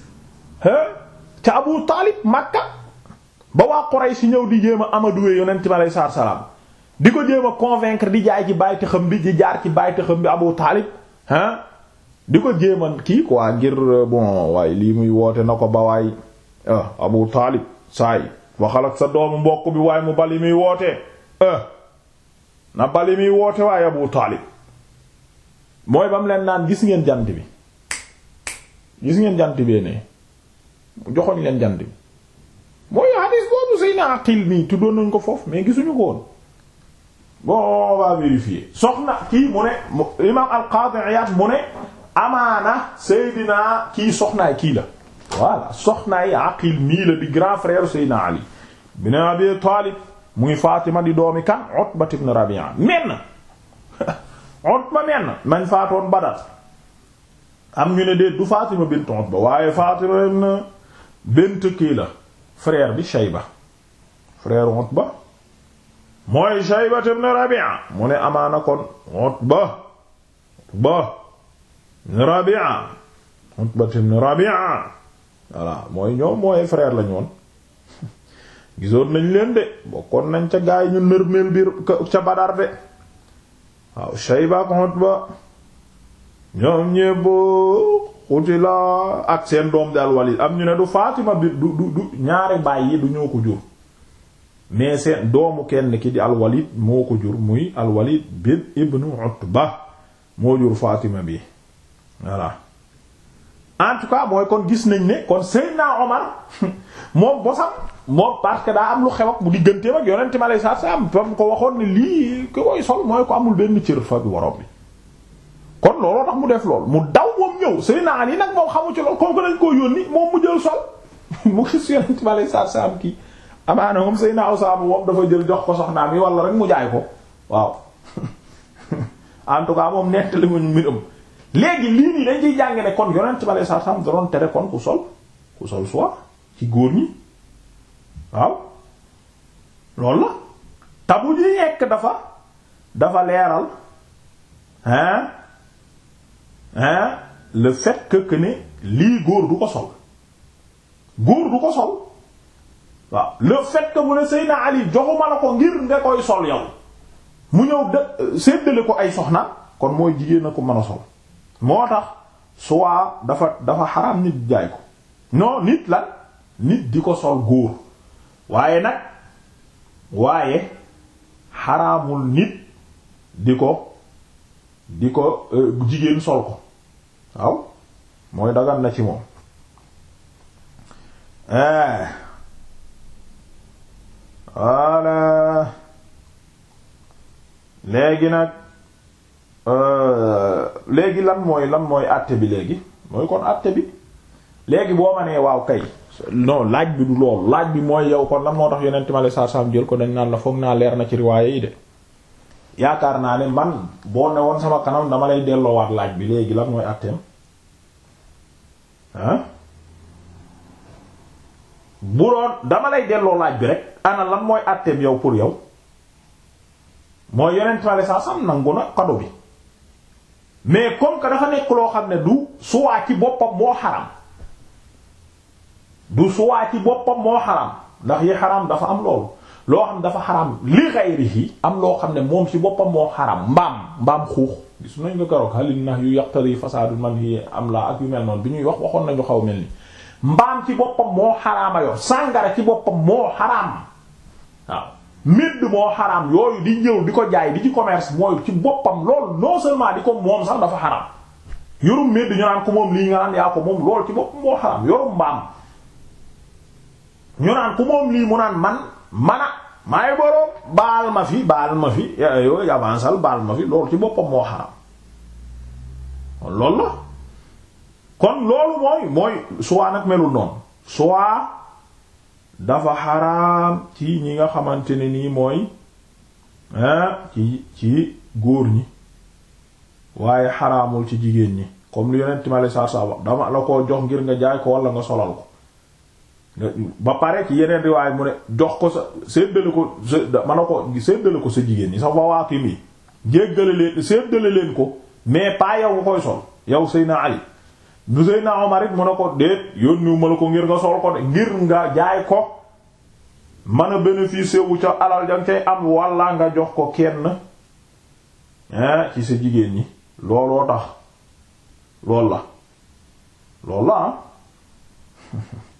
ca Abu Talib Makka. ba waa si ñëw di jéem a amadouwee yonent bi aleyhi salaatu di ko jéem a convaincre di jaay ci bàyyi xam bi di jaar ci bàyyi xam bi Abu Taalib ah di ko jéem a kii quoi ngir bon waaye lii muy woote na ko ba waay ah Abu Taalib saay waxal sa doomu mbokk bi waaye mu bali muy woote ah na bali muy woote waaye Abu Taalib mooy ba mu leen naan gis ngeen jant bi gis ngeen jant bee ne joxoñ leen jant bi. mooy hadis boobu Seydina Aqil nii tuddoon nañ ko foofu mais gisuñu ko woon bon on soxna kii mu ne imam al-Qadi Iyad mu amaana Seydina kii soxnaay kii la voilà soxnaay Aqil nii la di grand frère Seydina Ali bin Abi Talib mu ngi Fatima di doomi kan Utba ibn Rabi'a menn Utba menn nañ faatoon Badar am ñu ne déet du Fatima bint Utba waaye Fatima bint kii la frère bi Shayba frère Utba mooy Shayba ibn Rabi'a mu ne amaana kon Utba Utba ibn Rabi'a Utba ibn Rabi'a voilà mooy ñoom mooy frère lañu woon gisoon nañ leen de bokkoon nañ ca gaay ñu nërmeel biir ca Badar de waaw Shayba ak Utba ñoom ñee bokk qutila ak seen doom di alwalid am ñu ne du Fatima bi du du ñaari baay yi du ñoo ko jur mais seen doomu kenn ki di alwalid moo ko jur muy alwalid bin ibnu ba moo jur Fatima bi voilà en tout cas mooy kon gis nañ ne kon Seydina Omar moom bosam moom parce que daa am lu xew ak mu digganteem ak yonent mi alayhi am fa mu ko waxoon ne lii ki koy sol mooy ko amul benn cër fa bi bi kon looloo tax mu def lool mu daw moom ñëw Seydina Ali nag moom xamu ci lool comme que dañ koo yónni moom mu jël sol mu gis yonent bi alayhi salaatu salaam kii dafa jël jox ko soxnaa wala rek mu jaay ko waaw en tout moom nettali mu mbiram léegi lii nii dañ ciy jàng ne kon yonent bi alayhi salaatu salaam tere kon ku sol ku sol soie ci góor ñi waaw loolu la tabu ñu yekk dafa dafa leeral hein hein le fait ne lii góor du ko sol góor du ko sol waaw le fait que mu ne Seydina Ali joxuma la ko ngir nga koy sol yow mu ñëw de euh, séddale ko ay soxna kon mooy jigéen a ko mën a sol moo tax soit dafa dafa xaraam nit jaay ko non nit la nit di ko sol góor waaye nag waaye xaraamul nit di ko di ko euh, jigéen sol ko waaw mooy dagan na ci moom eh. voilà léegi nag euh, léegi lan mooy lan mooy àtte bi léegi mooy kon àtte bi léegi boo ma nee waaw kay non laaj bi du loolu laaj bi mooy yow kon lan moo tax yonent ma la saa saam jël ko dañ naan la foog naa leer na ci riwaaya yi de yaakaar naa ne man boo ne woon sama kanam dama lay delloowaat laaj bi léegi lan mooy àtteem ah bu doon dama lay delloo laaj bi rek ana mooy àtteem yow pour yow mooy yonent male saa sam nangu na kado bi mais comme que dafa nekk loo xam ne du suwaa ci boppam moo xaram du suwaa ci boppam moo xaram ndax yi xaram dafa am loolu loo xam dafa xaram li ghayrihi am loo xam ne moom ci boppam moo xaram mbaam mbaam xuux su nañ ko keroog halin na yu yaqtari fasaadu man hi am la ak yu mel noonu bi ñuy wax waxoon nañu xaw mel ni mbaam ci boppam moo xaraama yor sàngara ci boppam moo xaraam waaw moo xaraam yooyu di ñëw di ko jaay di ci commerce mooy ci boppam loolu non seulement di ko moom sax dafa xaraam yorum médd moom lii nga naan yaa ko ci boppam moo xaraam yorum mbaam ñu naan moom lii mu naan man mana maay boroom baal ma fi baal ma fi yooyu avancal baal ma fi loolu ci boppam moo xaram kon loolu la kon loolu mooy mooy soit nag melul noonu soit dafa xaraam ci ñi nga xamante ne nii mooy ci ci góor ñi waaye xaraamul ci jigéen ñi comme lu yonent ma la saa saa wax dama la ko jox ngir nga jaay ko walla nga solal ko ba pare ci yeneen riwaay mu ne jox ko sa séddale ko sa mën na ko séddale ko sa jigéen ñi sa fawaaki mi jéggale leen séddale leen ko mais pas yow nga koy sol yow Seyna Ali du Seyna Omar it mu ne ko déet yónniwu ma la ko ngir nga sol ko de ngir nga jaay ko mën a bénéficier wu ca alal jang cay am walla nga jox ko kenn ci sa jigéen ñi looloo tax lool la lool la ah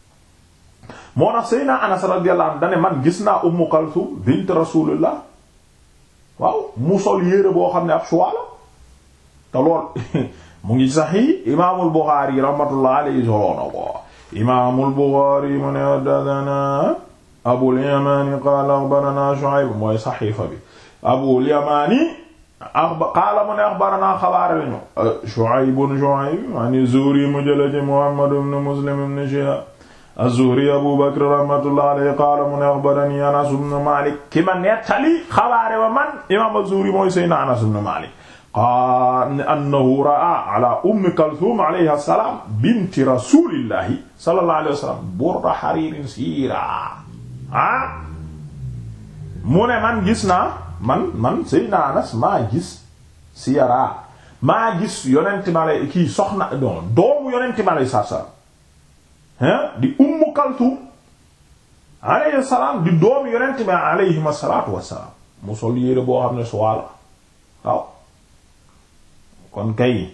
moo tax Seydina Anas radiyallahu anhu dane man gis naa Ummu Kalsum bint Rasulullah waaw mu sol yére boo xam ne ab choix la te lool mu ngi saxi imaamul Buxaari rahmatullahi alayhi soloona ko imaamul Buxaari mu ne haddathana Abul Yamaani qaala akhbaranaa Shu'ayb mooy saxiifa bi Abul Yamaani qaala mu ne akhbaranaa xabaar lañu Shu'ayb Shu'ayb an Zuhri mu jële ci Muhammad ibn Muslim ibn Shihaab az-Zuhri Abu Bakr rahmatullah alayhi qaala mu ne axbarani Anas ibn Malik ki ma nettali xabaare ba man imaam az-Zuhri mooy Seydina Anas ibn Malik qaala annahu ra'a ala Ummi Kulthum alayha salaam binti rasulillahi sallallahu alayhi wa sallam burda hariirin siira ah mu ne man gis naa man man Seydina Anas maa gis siira maa gis yonent ma lay kii soxna doomu yonent ma lay sarsar di ummu kaltum alayhi salaam di doomu yonent bi alayhim asalaatu mu sol yére boo xam ne suwaala waaw kon kay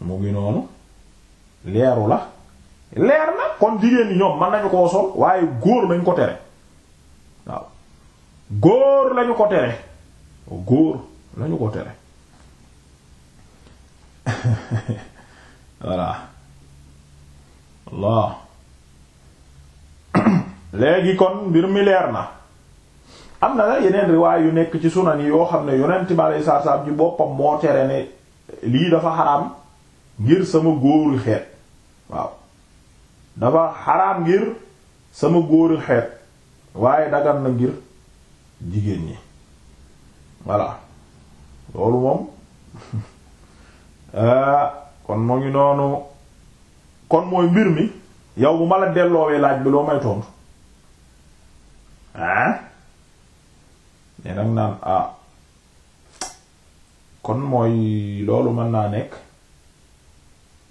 mu ngi noonu leeru la leer na kon jigéen ñi ñoom mën nañu koo sol waaye góor lañu ko tere waaw góor lañu ko tere góor lañu ko tere voilà Allah léegi kon mbir mi leer na am na la yeneen riwaay yu nekk ci sunan yi yoo xam ne yonent bi aleyhi salaatu salaam ci boppam moo tere ne lii dafa xaraam ngir sama góoru xeet waaye dagan na ngir jigéen ñi voilà loolu moom euh, kon mu ngi noonu kon mooy mbir mi yow bu ma la delloowee laaj bi loo may tontu ah ne nag naan ah kon mooy loolu mën naa nekk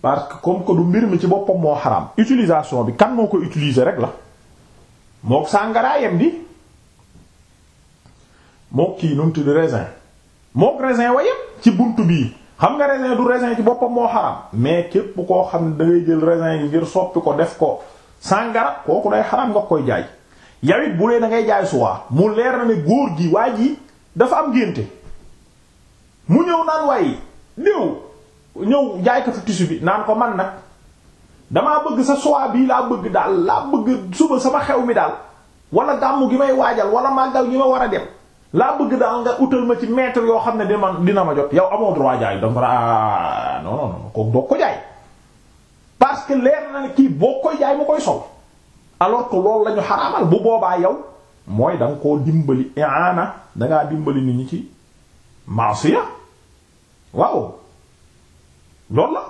parce que comme que du mbir mi ci boppam moo xaraam utilisation bi kan moo ko utiliser rek la mook sàngaraayam di mook kii nu mu tudd raisin mook raisin wayam ci bunt bii xam nga raisin du raisin ci boppam moo xaram mais képp koo xam ne dangay jël raisin yi ngir soppi ko def ko sàngara kooku day xaram nga koy jaay yow bu dee da ngay jaay suwaa mu leer na ne góor gi waa ji dafa am génte mu ñëw naan waaye néew ñëw jaaykatu tissu bi naan ko man nag damaa bëgg sa suwaa bi laa bëgg daal laa bëgg suba sama xew mi daal wala gàmmu gi may waajal wala màggal gi ma war a dem laa bëgg daal nga utal ma ci mètre yoo xam ne dina dina ma jot yow amoo droit jaay donc ah non non non ko ko jaay parce que leer na kii boo koy jaay mu koy sol alors que loolu la ñu bu boobaa yow mooy da nga koo dimbali iaana da ngaa dimbali nit ñi ci maasiya waaw loolu la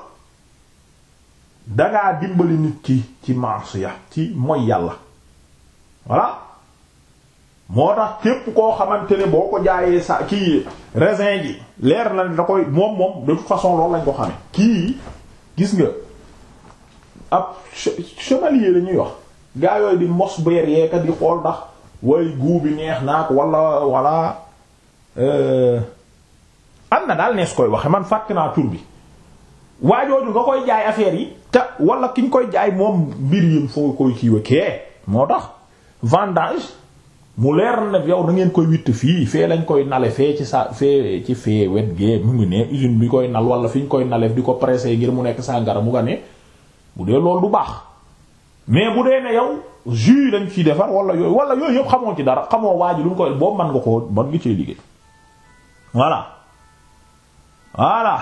da dimbali nit ki ci maasiya ci mooy yàlla voilà. moo tax képp koo xamante ne boo ko jaayee sa kii raisin ji leer na da koy moom moom de toute façon loolu lañ ko xamee kii gis nga ab chevalier la ñuy wax gaa yooyu di mos beer yeeka di xool ndax way guubi neex naa naak wala wala euh, am na daal su koy waxe man fàkk naa tur bi waajooju nga koy jaay affaire yi te wala ki ñu koy jaay moom mbir yim foo koy kiiwa kee moo tax vendage mu leer na yow da ngeen koy witt fii fee lañ koy nalefee ci sa fee ci fee wet gee mu ngi ne usine bi koy nal wala fi ñu koy naleef di ko pressé ngir mu nekk sàngara mu nga ne bu dee lool du baax mais bu dee ne yow jus lañ ciy defar wala yooyu wala yooyu yëpp xamoo ci dara xamoo waa lu mu koy boobu mën nga ko mën nga cee liggéey voilà voilà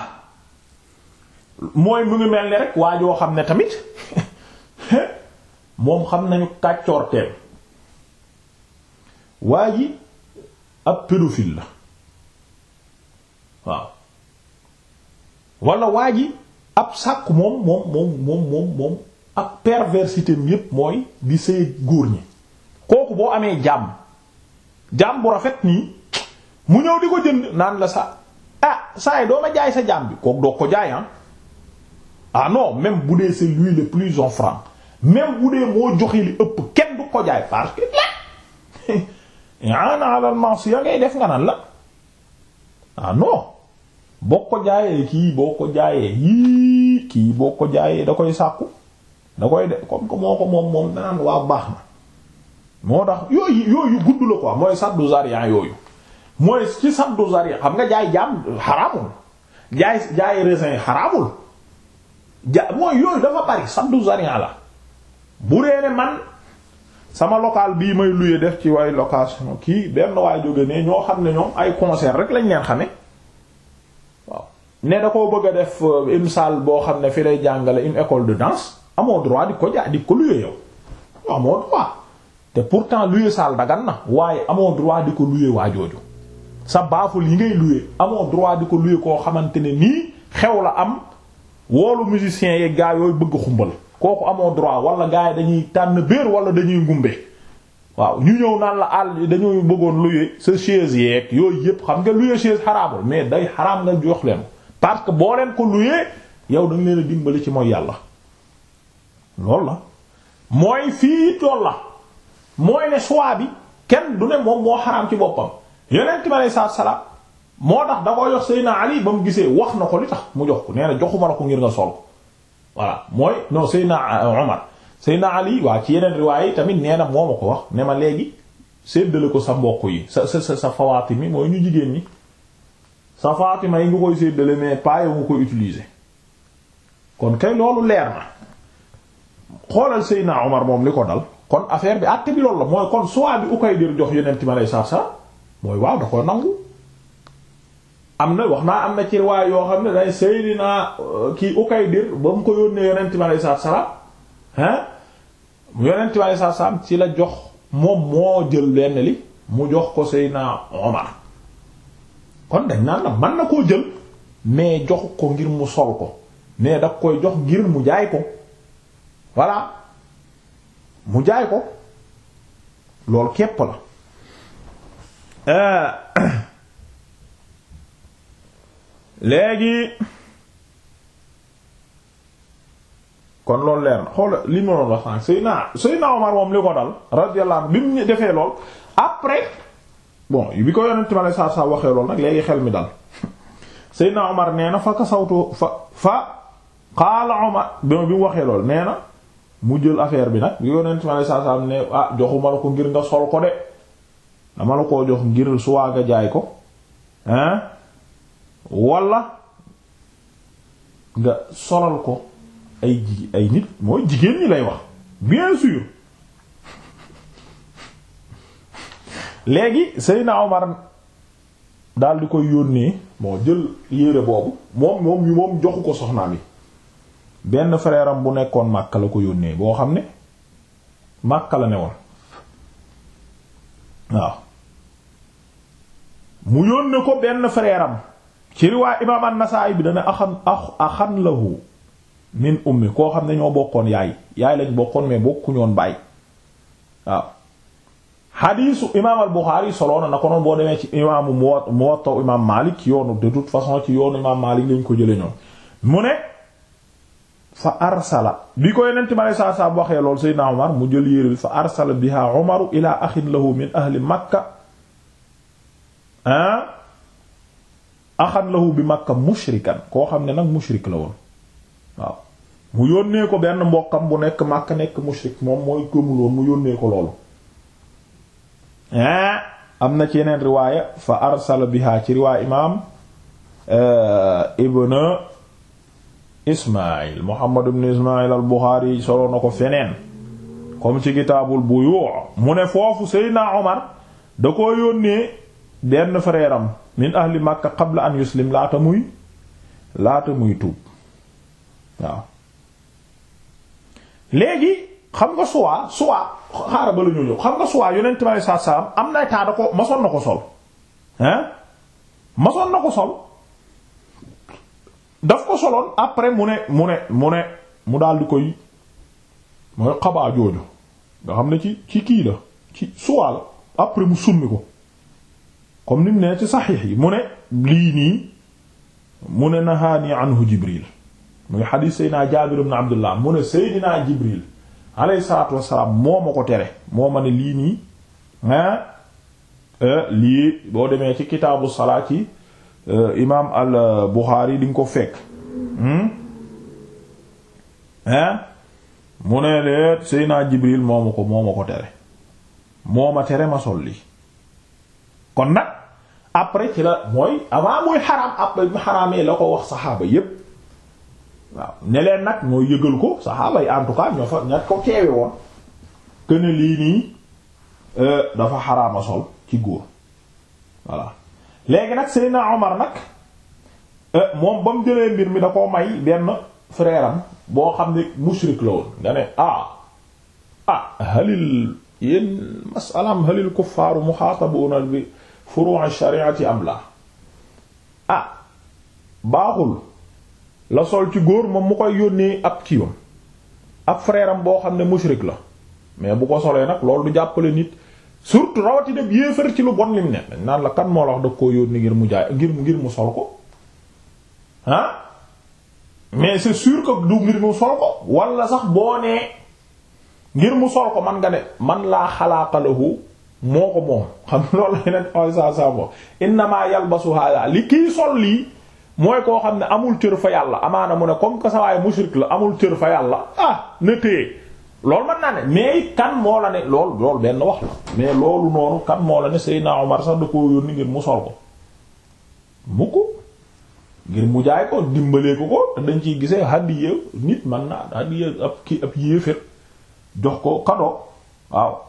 mooy mu ngi mel ni rek waa xam ne tamit moom xam nañu kàccoor teem waa ji ab pédophile la waaw wala waa ji ab sàkku moom moom moom moom moom moom yépp mooy di sëy góor ñi kooku boo amee jàmm jàmm bu rafet nii mu ñëw di ko jënd naan la sa ah saa yi doo ma jaay sa jàmm bi kooku doo ko jaay ah no ah non même bu dee c'est lui le plus offrant même bu dee moo joxe li ëpp kenn du ko jaay parce que i'ana ala al-ma'siya ngay def nga naan la ah non boo ko jaayee kii boo ko jaayee yii kii boo ko jaayee da koy sàkku da koy def comme que moo ko moom moom danaan waa baax na moo tax yooyu yooyu gudd la quoi mooy saddu zariya yooyu mooy ci saddu zariya xam nga jaay jaam xaraamul jaay jaay raisin xaraamul ja mooy yooyu dafa bari saddu zariya la bu man sama local bii may luye def ci way location kii benn waay jóge ne ñoo xam ne ñoom ay concert rek lañ leen xame waaw ne da koo bëgg a def euh, une salle boo xam ne fi lay jàngale une école de danse amoo droit di ko ja di ko luye yow amoo droit te pourtant luye salle dagan na waaye amoo droit di ko luye waa jooju sa baaful yi ngay luye amoo droit di ko luye koo xamante ne nii xew la am woolu musiciens yeeg gaa yooyu bëgg xumbal kooku amoo droit wala gars yi dañuy tànn biir wala dañuy ngumbe waaw ñu ñëw naan la àll dañuy bëggoon luye sa chaise yeeg yooyu yëpp xam nga luye chaise xaraamul mais day xaraam nga jox leen parce que boo leen ko luye yow da nga leen dimbali ci mooy yàlla loolu la mooy fii tool la mooy ne choix bi kenn du ne moom moo xaraam ci boppam yonent bi aleyhi salaatu salaam moo tax da ko jox Seydina Ali ba mu gisee wax na ko li tax mu jox ko nee na joxuma la ko ngir nga sol voilà mooy non Seydina euh, Omar Seydina Ali waa ci yeneen riwaay yi tamit nee na moo ko wax ne ma léegi seddale ko sa mbokk yi sa sa sa Fawaatimi mooy ñu jigéen ñi sa Faatima yi nga koy séddale mais pas yow koy utiliser kon kay loolu leer na xoolal Seydina Omar moom li ko dal kon affaire bi àtte bi loolu la mooy kon soit bi Ukaydir jox Yonent mi alayhi mooy waaw da ko nangu. am na wax naa am na ci riwaay yoo xam ne day Seydina euh, kii Ukaydir ba mu ko yónnee yonent bi alayhi salaatu salaam ah yonent bi ci la jox moom moo jël lenn li mu jox ko Seydina Omar kon dañ naan la mën na koo jël mais jox ko ngir mu sol ko mais da koy jox ngir mu jaay ko voilà mu jaay ko loolu képp la. Euh, léegi kon loolu leer na xoola li ma doon wax sànq Seydina Seydina Omar moom li ko dal radiyallahu bi mu defee lool après bon bi ko yonent ma lay saa saa waxee lool nag léegi xel mi dal Seydina Omar nee na fa kasawtu fa fa qaala Omar bi mu waxee lool nee na mu jël affaire bi nag bi yonent ma lay saa saa ne ah, joxuma la ko ngir nga sol ko de dama la koo jox ngir suwaa nga jaay ko hein wala nga solal ko ay ji ay nit mooy jigéen ñi lay wax bii sûr léegi Seydina Omar daal daldi koy yónnee moo jël yére boobu moom moom yu moom joxu ko soxnaam yi benn frère bu nekkoon Makka la ko yónnee boo xam ne Makka la ne woon waaw mu yónnee ko benn frère ci riwaay imaam an-Nasaa'i bi dana axan axan lahu min ummi koo xam ne ñoo bokkoon yaay yaay lañ bokkoon mais bokkuñoon baay waaw xadiisu imaam al-Buxaari soloona na ko noonu boo demee ci imaamu Muwatta imaam Maalik yoonu de toute façon ci yoonu imaam Maalik lañ ko jële ñoom mu ne fa arsala bi ko yeneen ma lay saa saa waxee lool Seydina Omar mu jël yére bi fa arsala biha Umaru ila axin lahu min ahli Makka ah axan lahu bi makka mushrikan koo xam ne nag mushrik la woon waaw mu yónnee ko benn mbokkam bu nekk makka nekk mushrik moom mooy gëmuloon mu yónnee ko loolu am na ci yeneen riwaaya fa arsala biha ci riwaaya imaam eh, ibn ismail muhammad ibn ismail al buxaari soloo na ko feneen comme ci kitaabul buyu mu ne foofu seydna omar da ko yónnee benn frère min ahli makka qabla an yuslim laata muy laata muy tuub waaw léegi xam nga suwaa suwaa xaaral ba la xam nga suwaa yonent bi saa salaam am na taa da ko masoon na ko sol hein masoon na ko sol daf ko soloon après mu ne mu ne mu ne mu daal di koy mooy xabaa jooju nga xam ne ci ci kii la ci suwaa la après mu summi ko comme ni mu nee ci saxiix yi mu ne lii nii mu ne nahaani anhu jibril muy xadiis seydinaa jaabir ibn abdullah mu ne seydinaa jibril alayhi salaatu wassalaam moo ma ko tere moo ma ne lii nii ah lii boo demee ci kitaabu salaa ci euh, imaam al ko fekk ah mu ne leet seydinaa jibril moo ma ko moo ma ko tere moo ma tere ma sol lii kon nag après ci la mooy avant muy xaraam après mu xaraamee la ko wax saxaaba yépp waaw ne nag mooy yëgal ko saxaaba yi en tout cas ñoo fa ña ko teewe woon këne lii nii euh, dafa xaraama sol ci góor voilà léegi nag Seydina Omar nag euh, moom ba mu jëlee mbir mi da koo may benn frère boo xam ne mushrik la woon nga ne ah ah halil yéen masalaam halil kuffaaru muxaatabuuna bi furu' shari'ati am la ah baaxul la sol ci góor moom mu koy yónnee ab kiiwam ab frère boo xam ne mushrik la mais bu ko solee nag loolu du jàppale nit surtout rawatina yéefar ci lu bon lim ne dañ la kan moo la wax yónni ngir mu jaay ngir ngir mu sol ko ah mais c'est sûr du ngir mu sol ko wala sax boo nee ngir mu sol ko man nga ne man laa xalaaqalahu moo ko moom xam loolu yeneen ay saa saa boobu innamaa yalbasu li kii sol lii mooy koo xam ne amul cër fa yàlla amaana mu ne comme que sa waay mushrik la amul cër fa yàlla ah na téye mën naa ne mais kan moo la ne loolu loolu benn wax la mais loolu noonu kan moo la ne Seydina Omar sax da koo yónni ngir mu sol ko mukk ngir mu jaay ko dimbalee ko te dañ ciy gisee hadiya nit mën naa hadiya ab ki ab yéefér jox ko kado waaw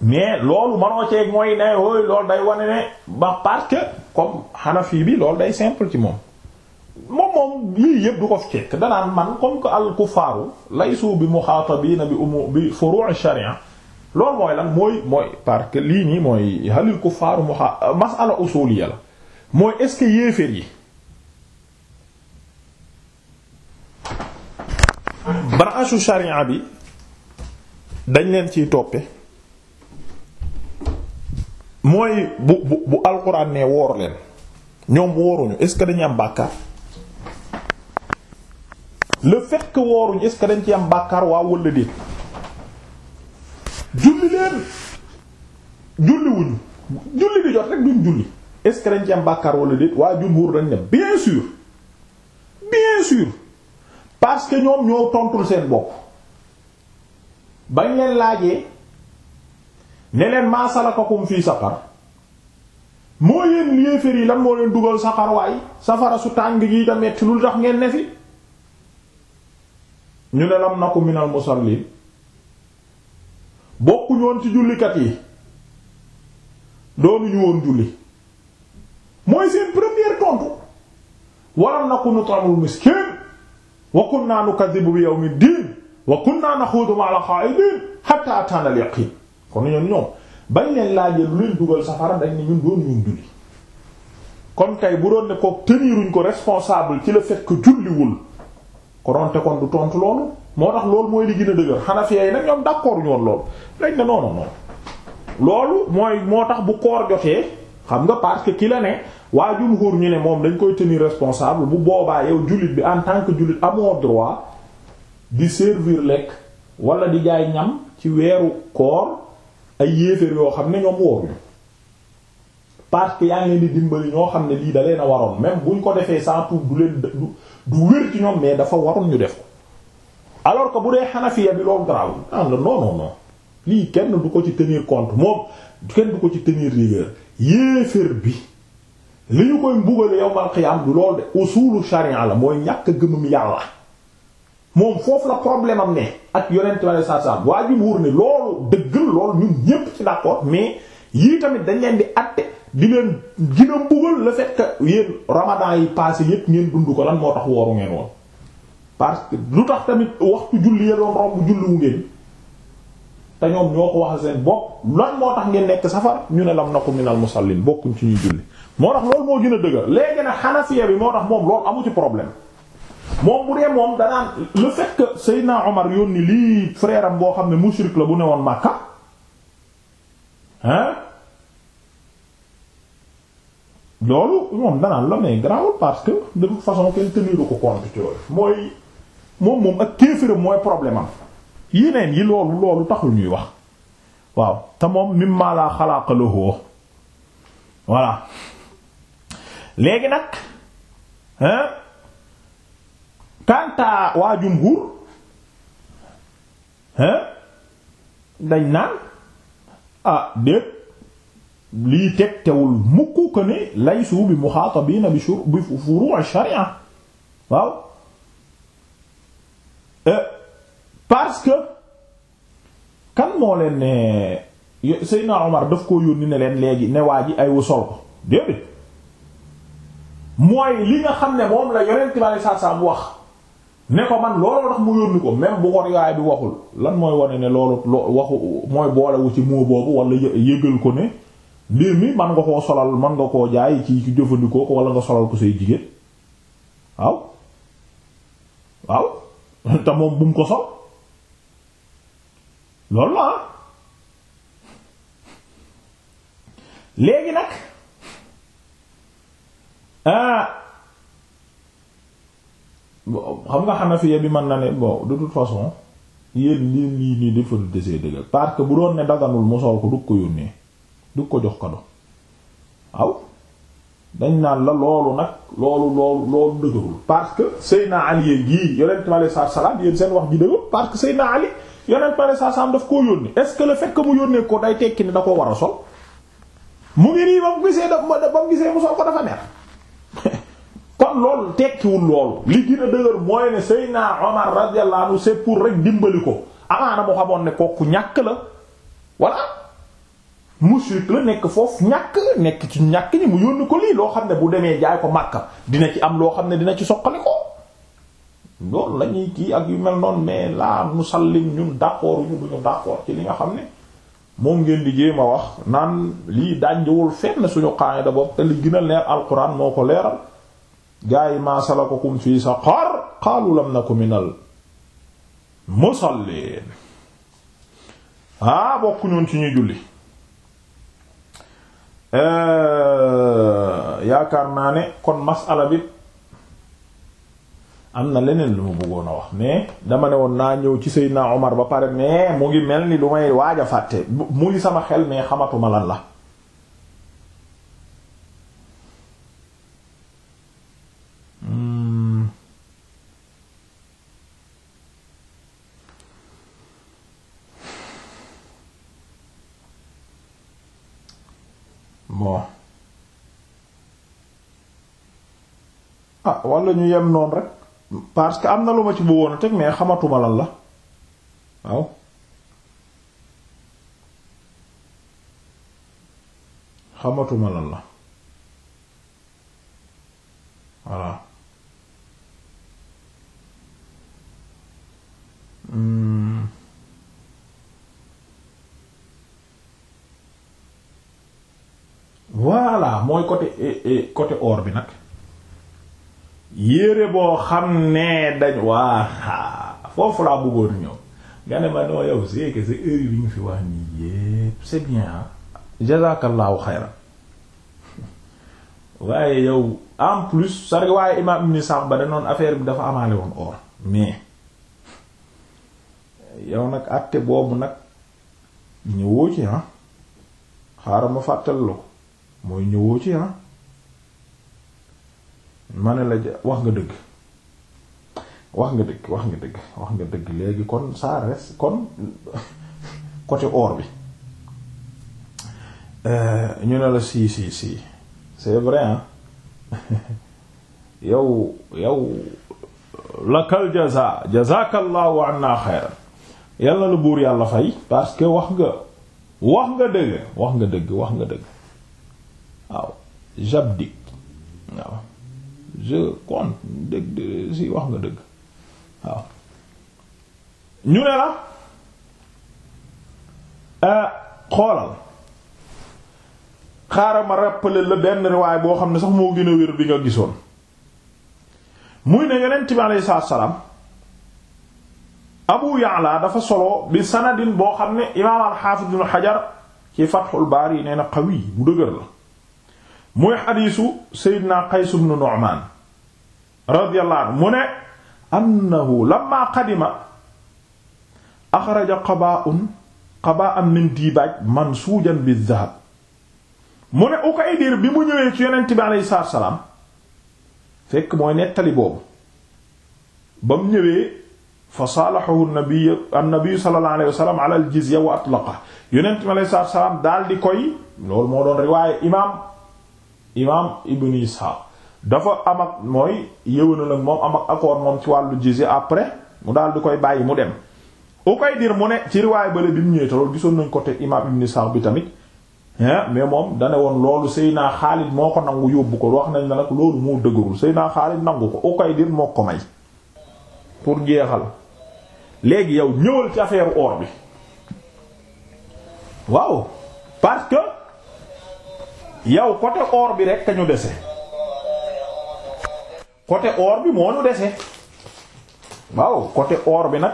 mais loolu manoo ceeg mooy ne ooy loolu day wane ne ba parce que comme Hanafi bi lool day simple ci moom moom moom lii yëpp du ko ceeg danaan man comme que al kuffaaru laysu bi muxaatabina bi umu bi furu' sharia loolu mooy lan mooy mooy que lii nii mooy halil kuffaaru muxa masala usuliya la mooy est ce que yéeféer yi branche sharia bi dañ leen ciy toppe mooy bu bu bu alxuraan nee woor leen ñoom wooruñu est ce que dañuy am bàkkaar le fait wooruñu est dañ ci am bàkkaar waa walla déet julli leen julliwuñu julli di jot rek duñ julli est ce que dañ ci am bàkkaar walla waa jumhur dañ ne bien sûr bien sûr parce que ñoom ñoo tontul seen bopp bañ leen laajee. ne leen fii saqar moo yéen yéefér yi lan moo leen dugal safara su tàng gi da metti lu tax ngeen ne fi ñu ne lam naku minal musallin bokku ñoon ci jullikat yi doonuñu woon julli mooy seen première tontu walam naku nutamul miskin wa kunna nukadibu bi yawmid din wa kunna naxuudu ma'al xaa'idin hatta atana al yaqin kon ñoom ñoom bañ leen laajee lu leen dugal safara dañ ne ñun doon ñun julli kon kay bu doon ne ko teniruñ ko responsable ci la fait que julliwul koronte kon du tontu loolu moo tax loolu mooy li gën a dëgër xanafiya yi nag ñoom d'accord ñoon loolu dañ moo tax bu koor jotee xam nga parce que ki la ne waa jumhur ñu ne moom dañ koy tenir responsable bu boobaa yow jullit bi en tant que jullit amoo droit di servir lekk walla di jaay ñam ci weeru koor ay yéeféer yoo xam ne ñoom wooruñu parce yaa ngi leen di dimbali ñoo xam ne lii da na a waroon même buñ ko defee sans tout du leen du wér ci ñoom mais dafa waroon ñu def ko alors que bu dee xanafiya bi loolu garaaw am ah la non non non lii kenn du ko ci tenir compte moom kenn du ko ci tenir rigueur yéeféer bi li ñu koy mbugale yowmal xiyaam du lool de usulu sharia la mooy ñàkk gëmam yàlla moom foofu la problème am ne ak yonent bi saa satu salaam waa jumhuur ne loolu dëggal loolu ñun ñépp ci d'accord mais yii tamit dañ leen di atte di leen gën a mbugal le fait que ramadan yi passé yépp ngeen dund ko lan moo tax wooru ngeen woon parce que lu tax tamit waxtu julli ya doon romb julliwu ngeen te ñoom ñoo ko waxal seen bopp lan moo tax ngeen nekk safar ñu ne lam naku minal musallin bokkuñ ci ñuy julli moo tax loolu moo gën a dëgër léegi nag moo tax moom loolu amu ci problème moom bu dee moom danaan le fait que Seydina Omar yónni lii frère boo xam ne mushrik la bu ne woon Makka hein loolu moom danaan la mais grawul parce que de façon kenn teniru ko compte mooy moom moom ak kéefëram mooy problème am yeneen yi loolu loolu taxul ñuy wax waaw te moom mimma la xalaqa lahu voilà léegi nag hein kanta waa jumhur hein dañ naan ah déet lii tegtewul mukk ko ne laysu bi muxaatabiina bi shuru bi furu' sharia waaw eh, parce que kan moo leen ne Seydina Omar daf koo yónni ne leen léegi ne waa ji ay wusol ko déedéet mooy li nga xam ne moom la yonent bi sallallahu alayhi wasallam wax ne ko man looloo tax mu yónni ko même bu ko riwaay bi waxul lan mooy wane ne loolu waxu mooy boolewu ci moo boobu wala yëgal ko ne mbir mi man nga koo solal man nga koo jaay ci ci jëfandikoo ko wala nga solal ko say jigéen waaw waaw te bu mu ko sol loolu la ah. léegi nag ah, xam nga Hanafiya bi mën na ne boo de toute façon yéen lii lii nii dafa desee dëgër parce que bu doon ne daganul mu sol ko du ko yónnee du ko jox kado waaw dañ naan la loolu nag loolu loolu loolu dëgërul parce que Seydina Ali yéen gii yonent bi alayhi salaatu salaam yéen seen wax ji dëgër parce que Seydina Ali yonent bi alayhi salaatu daf koo yónnee est-ce que le fait que mu yónnee ko day tekki ne da ko war a sol mu ngi nii ba mu gisee da ba mu gisee mu sol ko dafa mer kon loolu tekkiwul loolu li gën a dëgër mooy ne Seydina Omar radiyallahu anhu c'est pour rek dimbali ko amaana moo xamoon ne kooku ñàkk la voilà mushrik la nekk foofu ñàkk nekk ci ñàkk ni loo xam ne bu demee jaay ko dina ci am loo xam ne dina ci soqali loolu la kii ak yu mel noonu mais la musallim ñun d'accord ñu duñu ci li nga xam ne moom ngeen liggéey ma wax naan lii dànjowul fenn suñu qaida boobu te li gën a leer alquran moo ko leeral gaa yi maa salakakum fii saqar qaalu lam naku minal musallin ah bokk ñoon ci ñuy julli eh, yaakaar naa ne kon masala bi am na leneen lu ma bëggoon a wax mais dama ne woon naa ñëw ci naa Omar ba pare mais mu ngi mel ni lu may waaj a fàtte mu ngi sama xel mais xamatuma lan la wala ñu yem noonu rek parce que am na lu ma ci bëggoon a teg mais xamatuma lan la waaw xamatuma lan la voilà hmm. voilà mooy côté eh, eh, côté or bi nag yére boo xam ne dañ waa foofu laa bëggoon ñëw nga ne noo yow c'est que c'est heure yi ñu fi wax nii yépp c'est bien ah jazakallahu xayran waaye yow en plus sari waaye imam ibn Sa'd ba danoon affaire bi dafa amaale woon or mais yow nag àtte boobu nag ñëwoo ci ah xaaral ma fàttal la ko mooy ñëwoo ci ah ma ne la wax nga dëgg wax nga dëgg wax nga dëgg wax nga dëgg léegi kon ça reste kon côté or bi euh, ñu ne la si si si c'est vrai yow yow lakal jaza jazakallahu anna xayran yàlla la buur yàlla fay parce que wax nga wax nga dëgg wax nga dëgg wax nga dëgg waaw jabdik waaw je compte dëgg si wax nga dëgg waaw ñu ne la euh, xoolal xaaral ma rappeler la benn riwaay boo xam ne sax moo gën a wér bi nga gisoon muy ne yonent bi aleyhi salaam Abu Ya'la dafa solo bi sanadin boo xam ne imaam al-Hafiz Ibn Hajar ci Fathul Bari nee na qawi bu dëgër la muy xadiisu Seydina Qays ibn Nu'man radiyallahu anhu mu ne annahu lamma qadima axraja qabaa'un qabaa'an min diibaaj mansuujan bi dahab mu ne Ukaydir bi mu ñëwee ci yonent bi alayhi salaam fekk mooy nettali boobu ba mu ñëwee fa saalaxahu nabi alayhi wa bi alayhi salaatu salaam daal di koy loolu moo doon riwaaye imaam imaam Ibn Ishaq dafa am ak mooy yëwénal ak moom am ak accord moom ci wàllu jizya après mu daal di koy bàyyi mu dem Ukaydir mu ne ci ba bale bi mu ñëwee talool gisoon nañ côté imaam Ibn Ishaq bi tamit mais moom dana woon loolu naa Xaalid moo ko nangu yóbbu ko wax nañ la nag loolu moo dëgërul Seydina Xaalid nangu ko Ukaydir moo ko may pour jeexal léegi yow ñëwal ci affaire or bi waaw parce que yow côté or bi rek ñu dese côté or bi moo ñu dese waaw côté or bi nag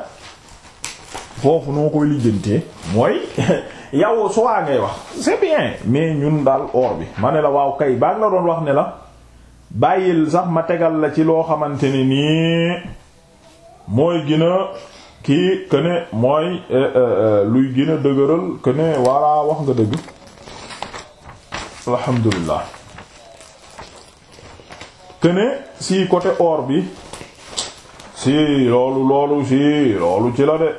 foofu noo koy lijjantee mooy yow su waa ngay wax c'est bien mais ñun daal or bi ma ne la waaw kay baa ngi la doon wax ne la bàyyil sax ma tegal la ci loo xamante ne nii mooy gën a kii que ne mooy eh, eh, eh, luy gën a dëgëral que walla wax nga dëgg alhamdulilah kene si côté or bi si loolu loolu si loolu ci la de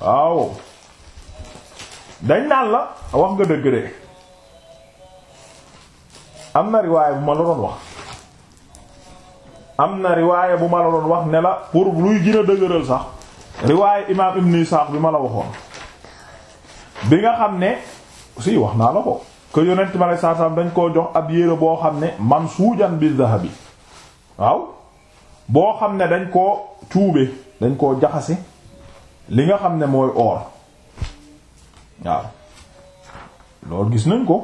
waaw dañ naan la wax nga dëgg de am na riwaaya bu ma la doon wax am na riwaaya bu ma la doon wax ne la pour luy gën dëgëral sax riwaaya imaam ibn Isaaq bi ma la waxoon bi nga xam ne si wax naa la ko que yonent ma lay saa saam dañ koo jox ab yére boo xam ne mamsuujan bi dahabi waaw boo xam ne dañ koo cuube dañ koo jaxase li nga xam ne mooy or waaw loolu gis nañ ko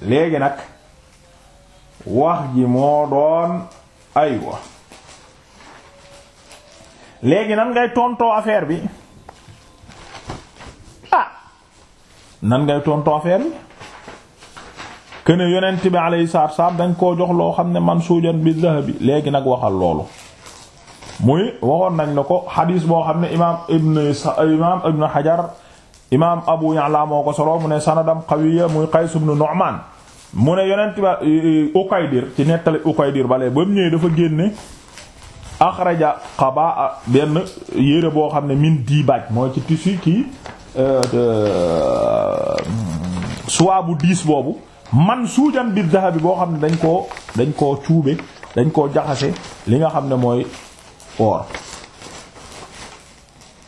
léegi nag wax ji moo doon aywa léegi nan ngay tontoo affaire bi ah nan ngay tontoo affaire bi këne yonent bi alayhi salaatu salaam dañ koo jox loo xam ne mansuujan bi dahabi léegi nag waxal loolu muy waxoon nañ la ko xadiis boo xam ne imaam ibn imaam ibn Hajar imaam Abu Ya'la moo ko solo mu ne sanadam qawiyya muy Qays ibn Nu'man mu ne yonent bi Ukaydir ci nettali Ukaydir bale ba mu ñëwee dafa génne axraja xaba benn yére boo xam ne min diibaaj mooy ci tissu kii euh, euh, soie bu diis boobu man suujan bi dahabi boo xam ne dañ koo dañ koo cuube dañ koo jaxase li nga xam ne mooy or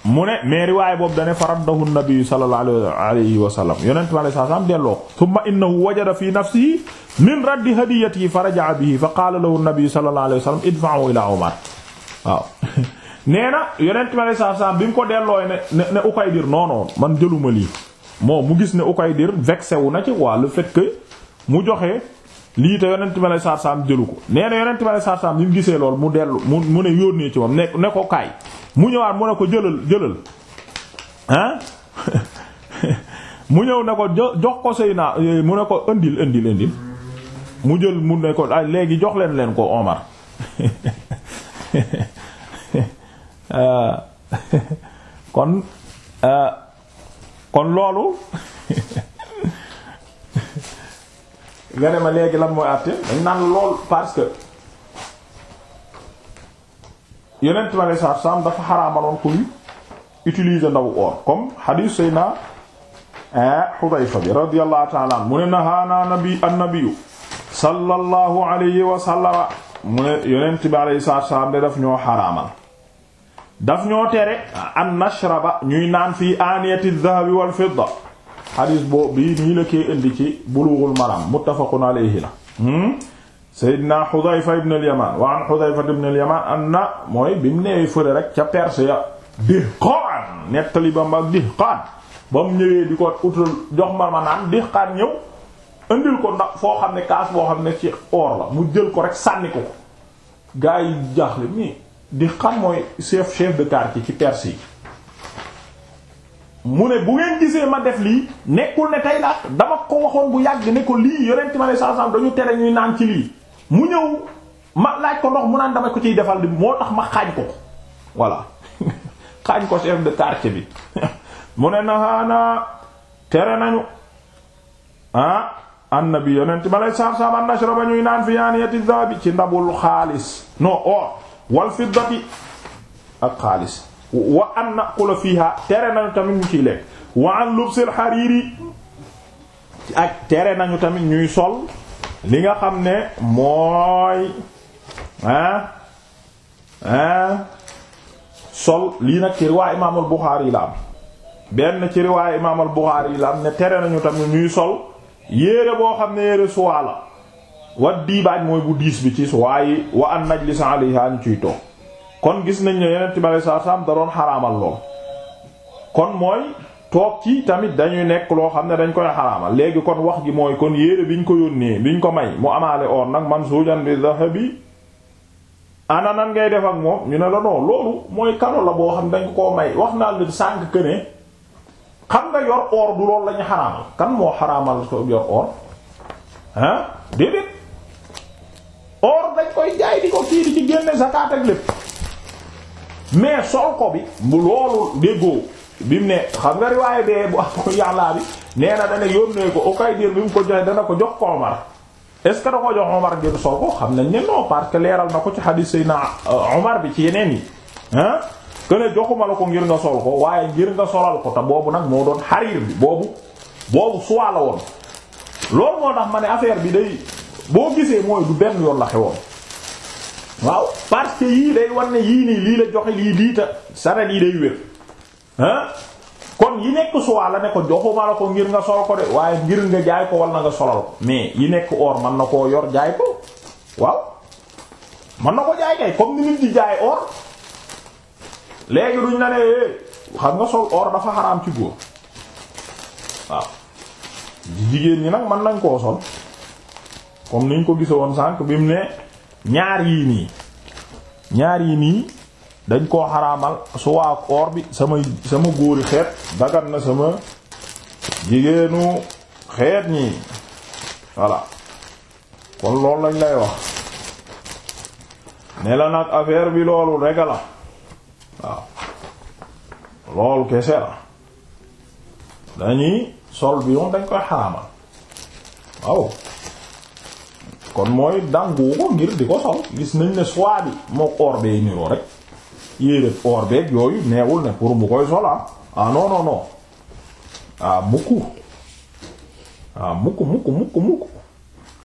mu ne mais riwaay boobu dane faraddahu nabi sallallahu alayhi wa sallam yonent bi alayhi salaam delloo thumma innahu wajada fi nafsihi min raddi hadiyatihi fa raja'a bihi fa qaala lahu nabi sallallahu alayhi wa sallam idfa'u ila Umar waaw nee na yonent bi alayhi salaam bi mu ko dellooy ne ne Ukaydir non man jëluma lii moom mu gis ne Ukaydir vexé wu na ci waa le fait mu joxe lii te yonent ma lay sarsam jëlu ko nee na yonent ma lay sarsam li mu gisee lool mu dellu mu mu ne yónnee ci moom ne ne ko kaay mu ñëwaat mu ne ko jëlal jëlal ah mu ñëw ne ko jox ko sëy naa eh, mu ne ko indil indil indil mu jël mu ne ko ay léegi jox leen leen ko Omar ah. kon ah, kon loolu nga ne ma léegi lan mooy àtte dañ lool parce que yonent ma ne saar saam dafa xaraamaloon kuy utiliser ndawu or comme Xudayfa bi radiyallahu ta'ala an mu ne nahaana nabi annabiyu sallallahu alayhi wa ne daf ñoo xaraamal daf ñoo tere an nashraba ñuy naan fii aaniyati dhahabi wal fidda xadis boobu bi nii la koy indi ci bulughul maram muttafaqun alayhi la hmm? Seydina Xudayfa ibn al-Yaman wa an Xudayfa ibn al mooy bi mu nee fële rek ca Perse ya Dihqaan nettali ba mag Dihqaan ba mu ñëwee di ko utal jox ma dix naan ñëw indil ko ndax foo xam ne kaas boo xam ne ci or la mu jël ko rek sànni ko ko gaa yi jaaxle nii Dihqaan mooy chef chef de quartier ci Perse yi mu ne bu ngeen gisee ma def lii nekkul ne tey la dama ko waxoon bu yàgg ne ko lii yonent ma ne saasam dañu tere ñuy naan ci lii mu ñëw ma laaj ko ndox mu naan dama ko ciy defal di moo tax ma xaañ ko voilà xaañ ko chef de quartier bi mu ne nahaana tere nañu ah annabi yonent ma lay saasam an nashraba ñuy naan fi yaaniyati dhahabi ci ndabul xaalis non or wal fiddati ak xaalis wa an naqula fiha tere nañu tamit ñu ciy lekk wa an lubsil xariiri ak tere nañu tamit ñuy sol li nga xam ne mooy ah ah sol lii nag ci riwaay imaamal Buxaari yi la am benn ci riwaay imaamal Buxaari la am ne tere nañu tamit ñuy sol yére boo xam ne yéere suwaa wa diibaaj mooy bu diis bi ci suwaa yi wa an najlisa alayha ciy toog kon gis nañ ne yeneen timare saa saam da doon xaraamal lool kon mooy toog ci tamit dañuy nekk loo xam ne dañ koy xaraamal léegi kon wax gi mooy kon yére biñ ko yónnee biñ ko may mu amaale or nag man suujan bi dahabi ana nan ngay def ak moom ñu ne la non loolu mooy kado la boo xam ne dañ koo may wax naa la sànq que xam nga yor or du loolu la ñu kan moo xaraamal yor or ah déedéet or dañ koy jaay di ko kii di ci génne zakat ak lépp. mais sol ko bi bu loolu déggoo bi mu ne xam nga riwaaye bee bu am ko yàllaa bi nee na dana ne ko Ukaydir bi mu ko joxe dana ko jox ko Omar est-ce da ko jox Omar ngir sol ko xam nañ ne non parce que leeral na ko ci xadiis Seydina euh, Omar bi ci yeneen yi ah que ne la ko ngir nga sol ko waaye ngir nga solal ko te boobu nag moo doon xariir bi boobu boobu suwaa la woon loolu moo tax ma ne affaire bi day boo gisee mooy du benn yoon la xewoon waaw parce que yii day war ne yii nii lii la joxe lii diita saret yi day wér ah kon yi nekk suwaa la ne ko joxuma la ko ngir nga sol ko de waaye ngir nga jaay ko wala nga solal ko mais yi nekk or mën na koo yor jaay ko waaw na ko jaay kay comme nit di jaay or léegi duñ la ne eh, xam nga sol or dafa xaraam ci góor waaw jigéen ñi nag mën nañ koo sol comme niñ ko gise woon sànq bi mu ne ñaar yii nii ñaar yii nii dañ koo xaraamal su waa koor bi sama sama góori xeet dagan na sama jigéenu xeet ñi voilà kon loolu lañ lay wax ne la nag affaire bi loolu rek la waaw loolu kese la dañuy sol bi moom dañ koy xaraamal waaw kon mooy dàngu ko ngir di ko sol gis nañ ne soie bi moo or niroo rek yére or beeg yooyu neewul ne pour mu koy sol ah ah non ah, ah mukk mukk mukk mukk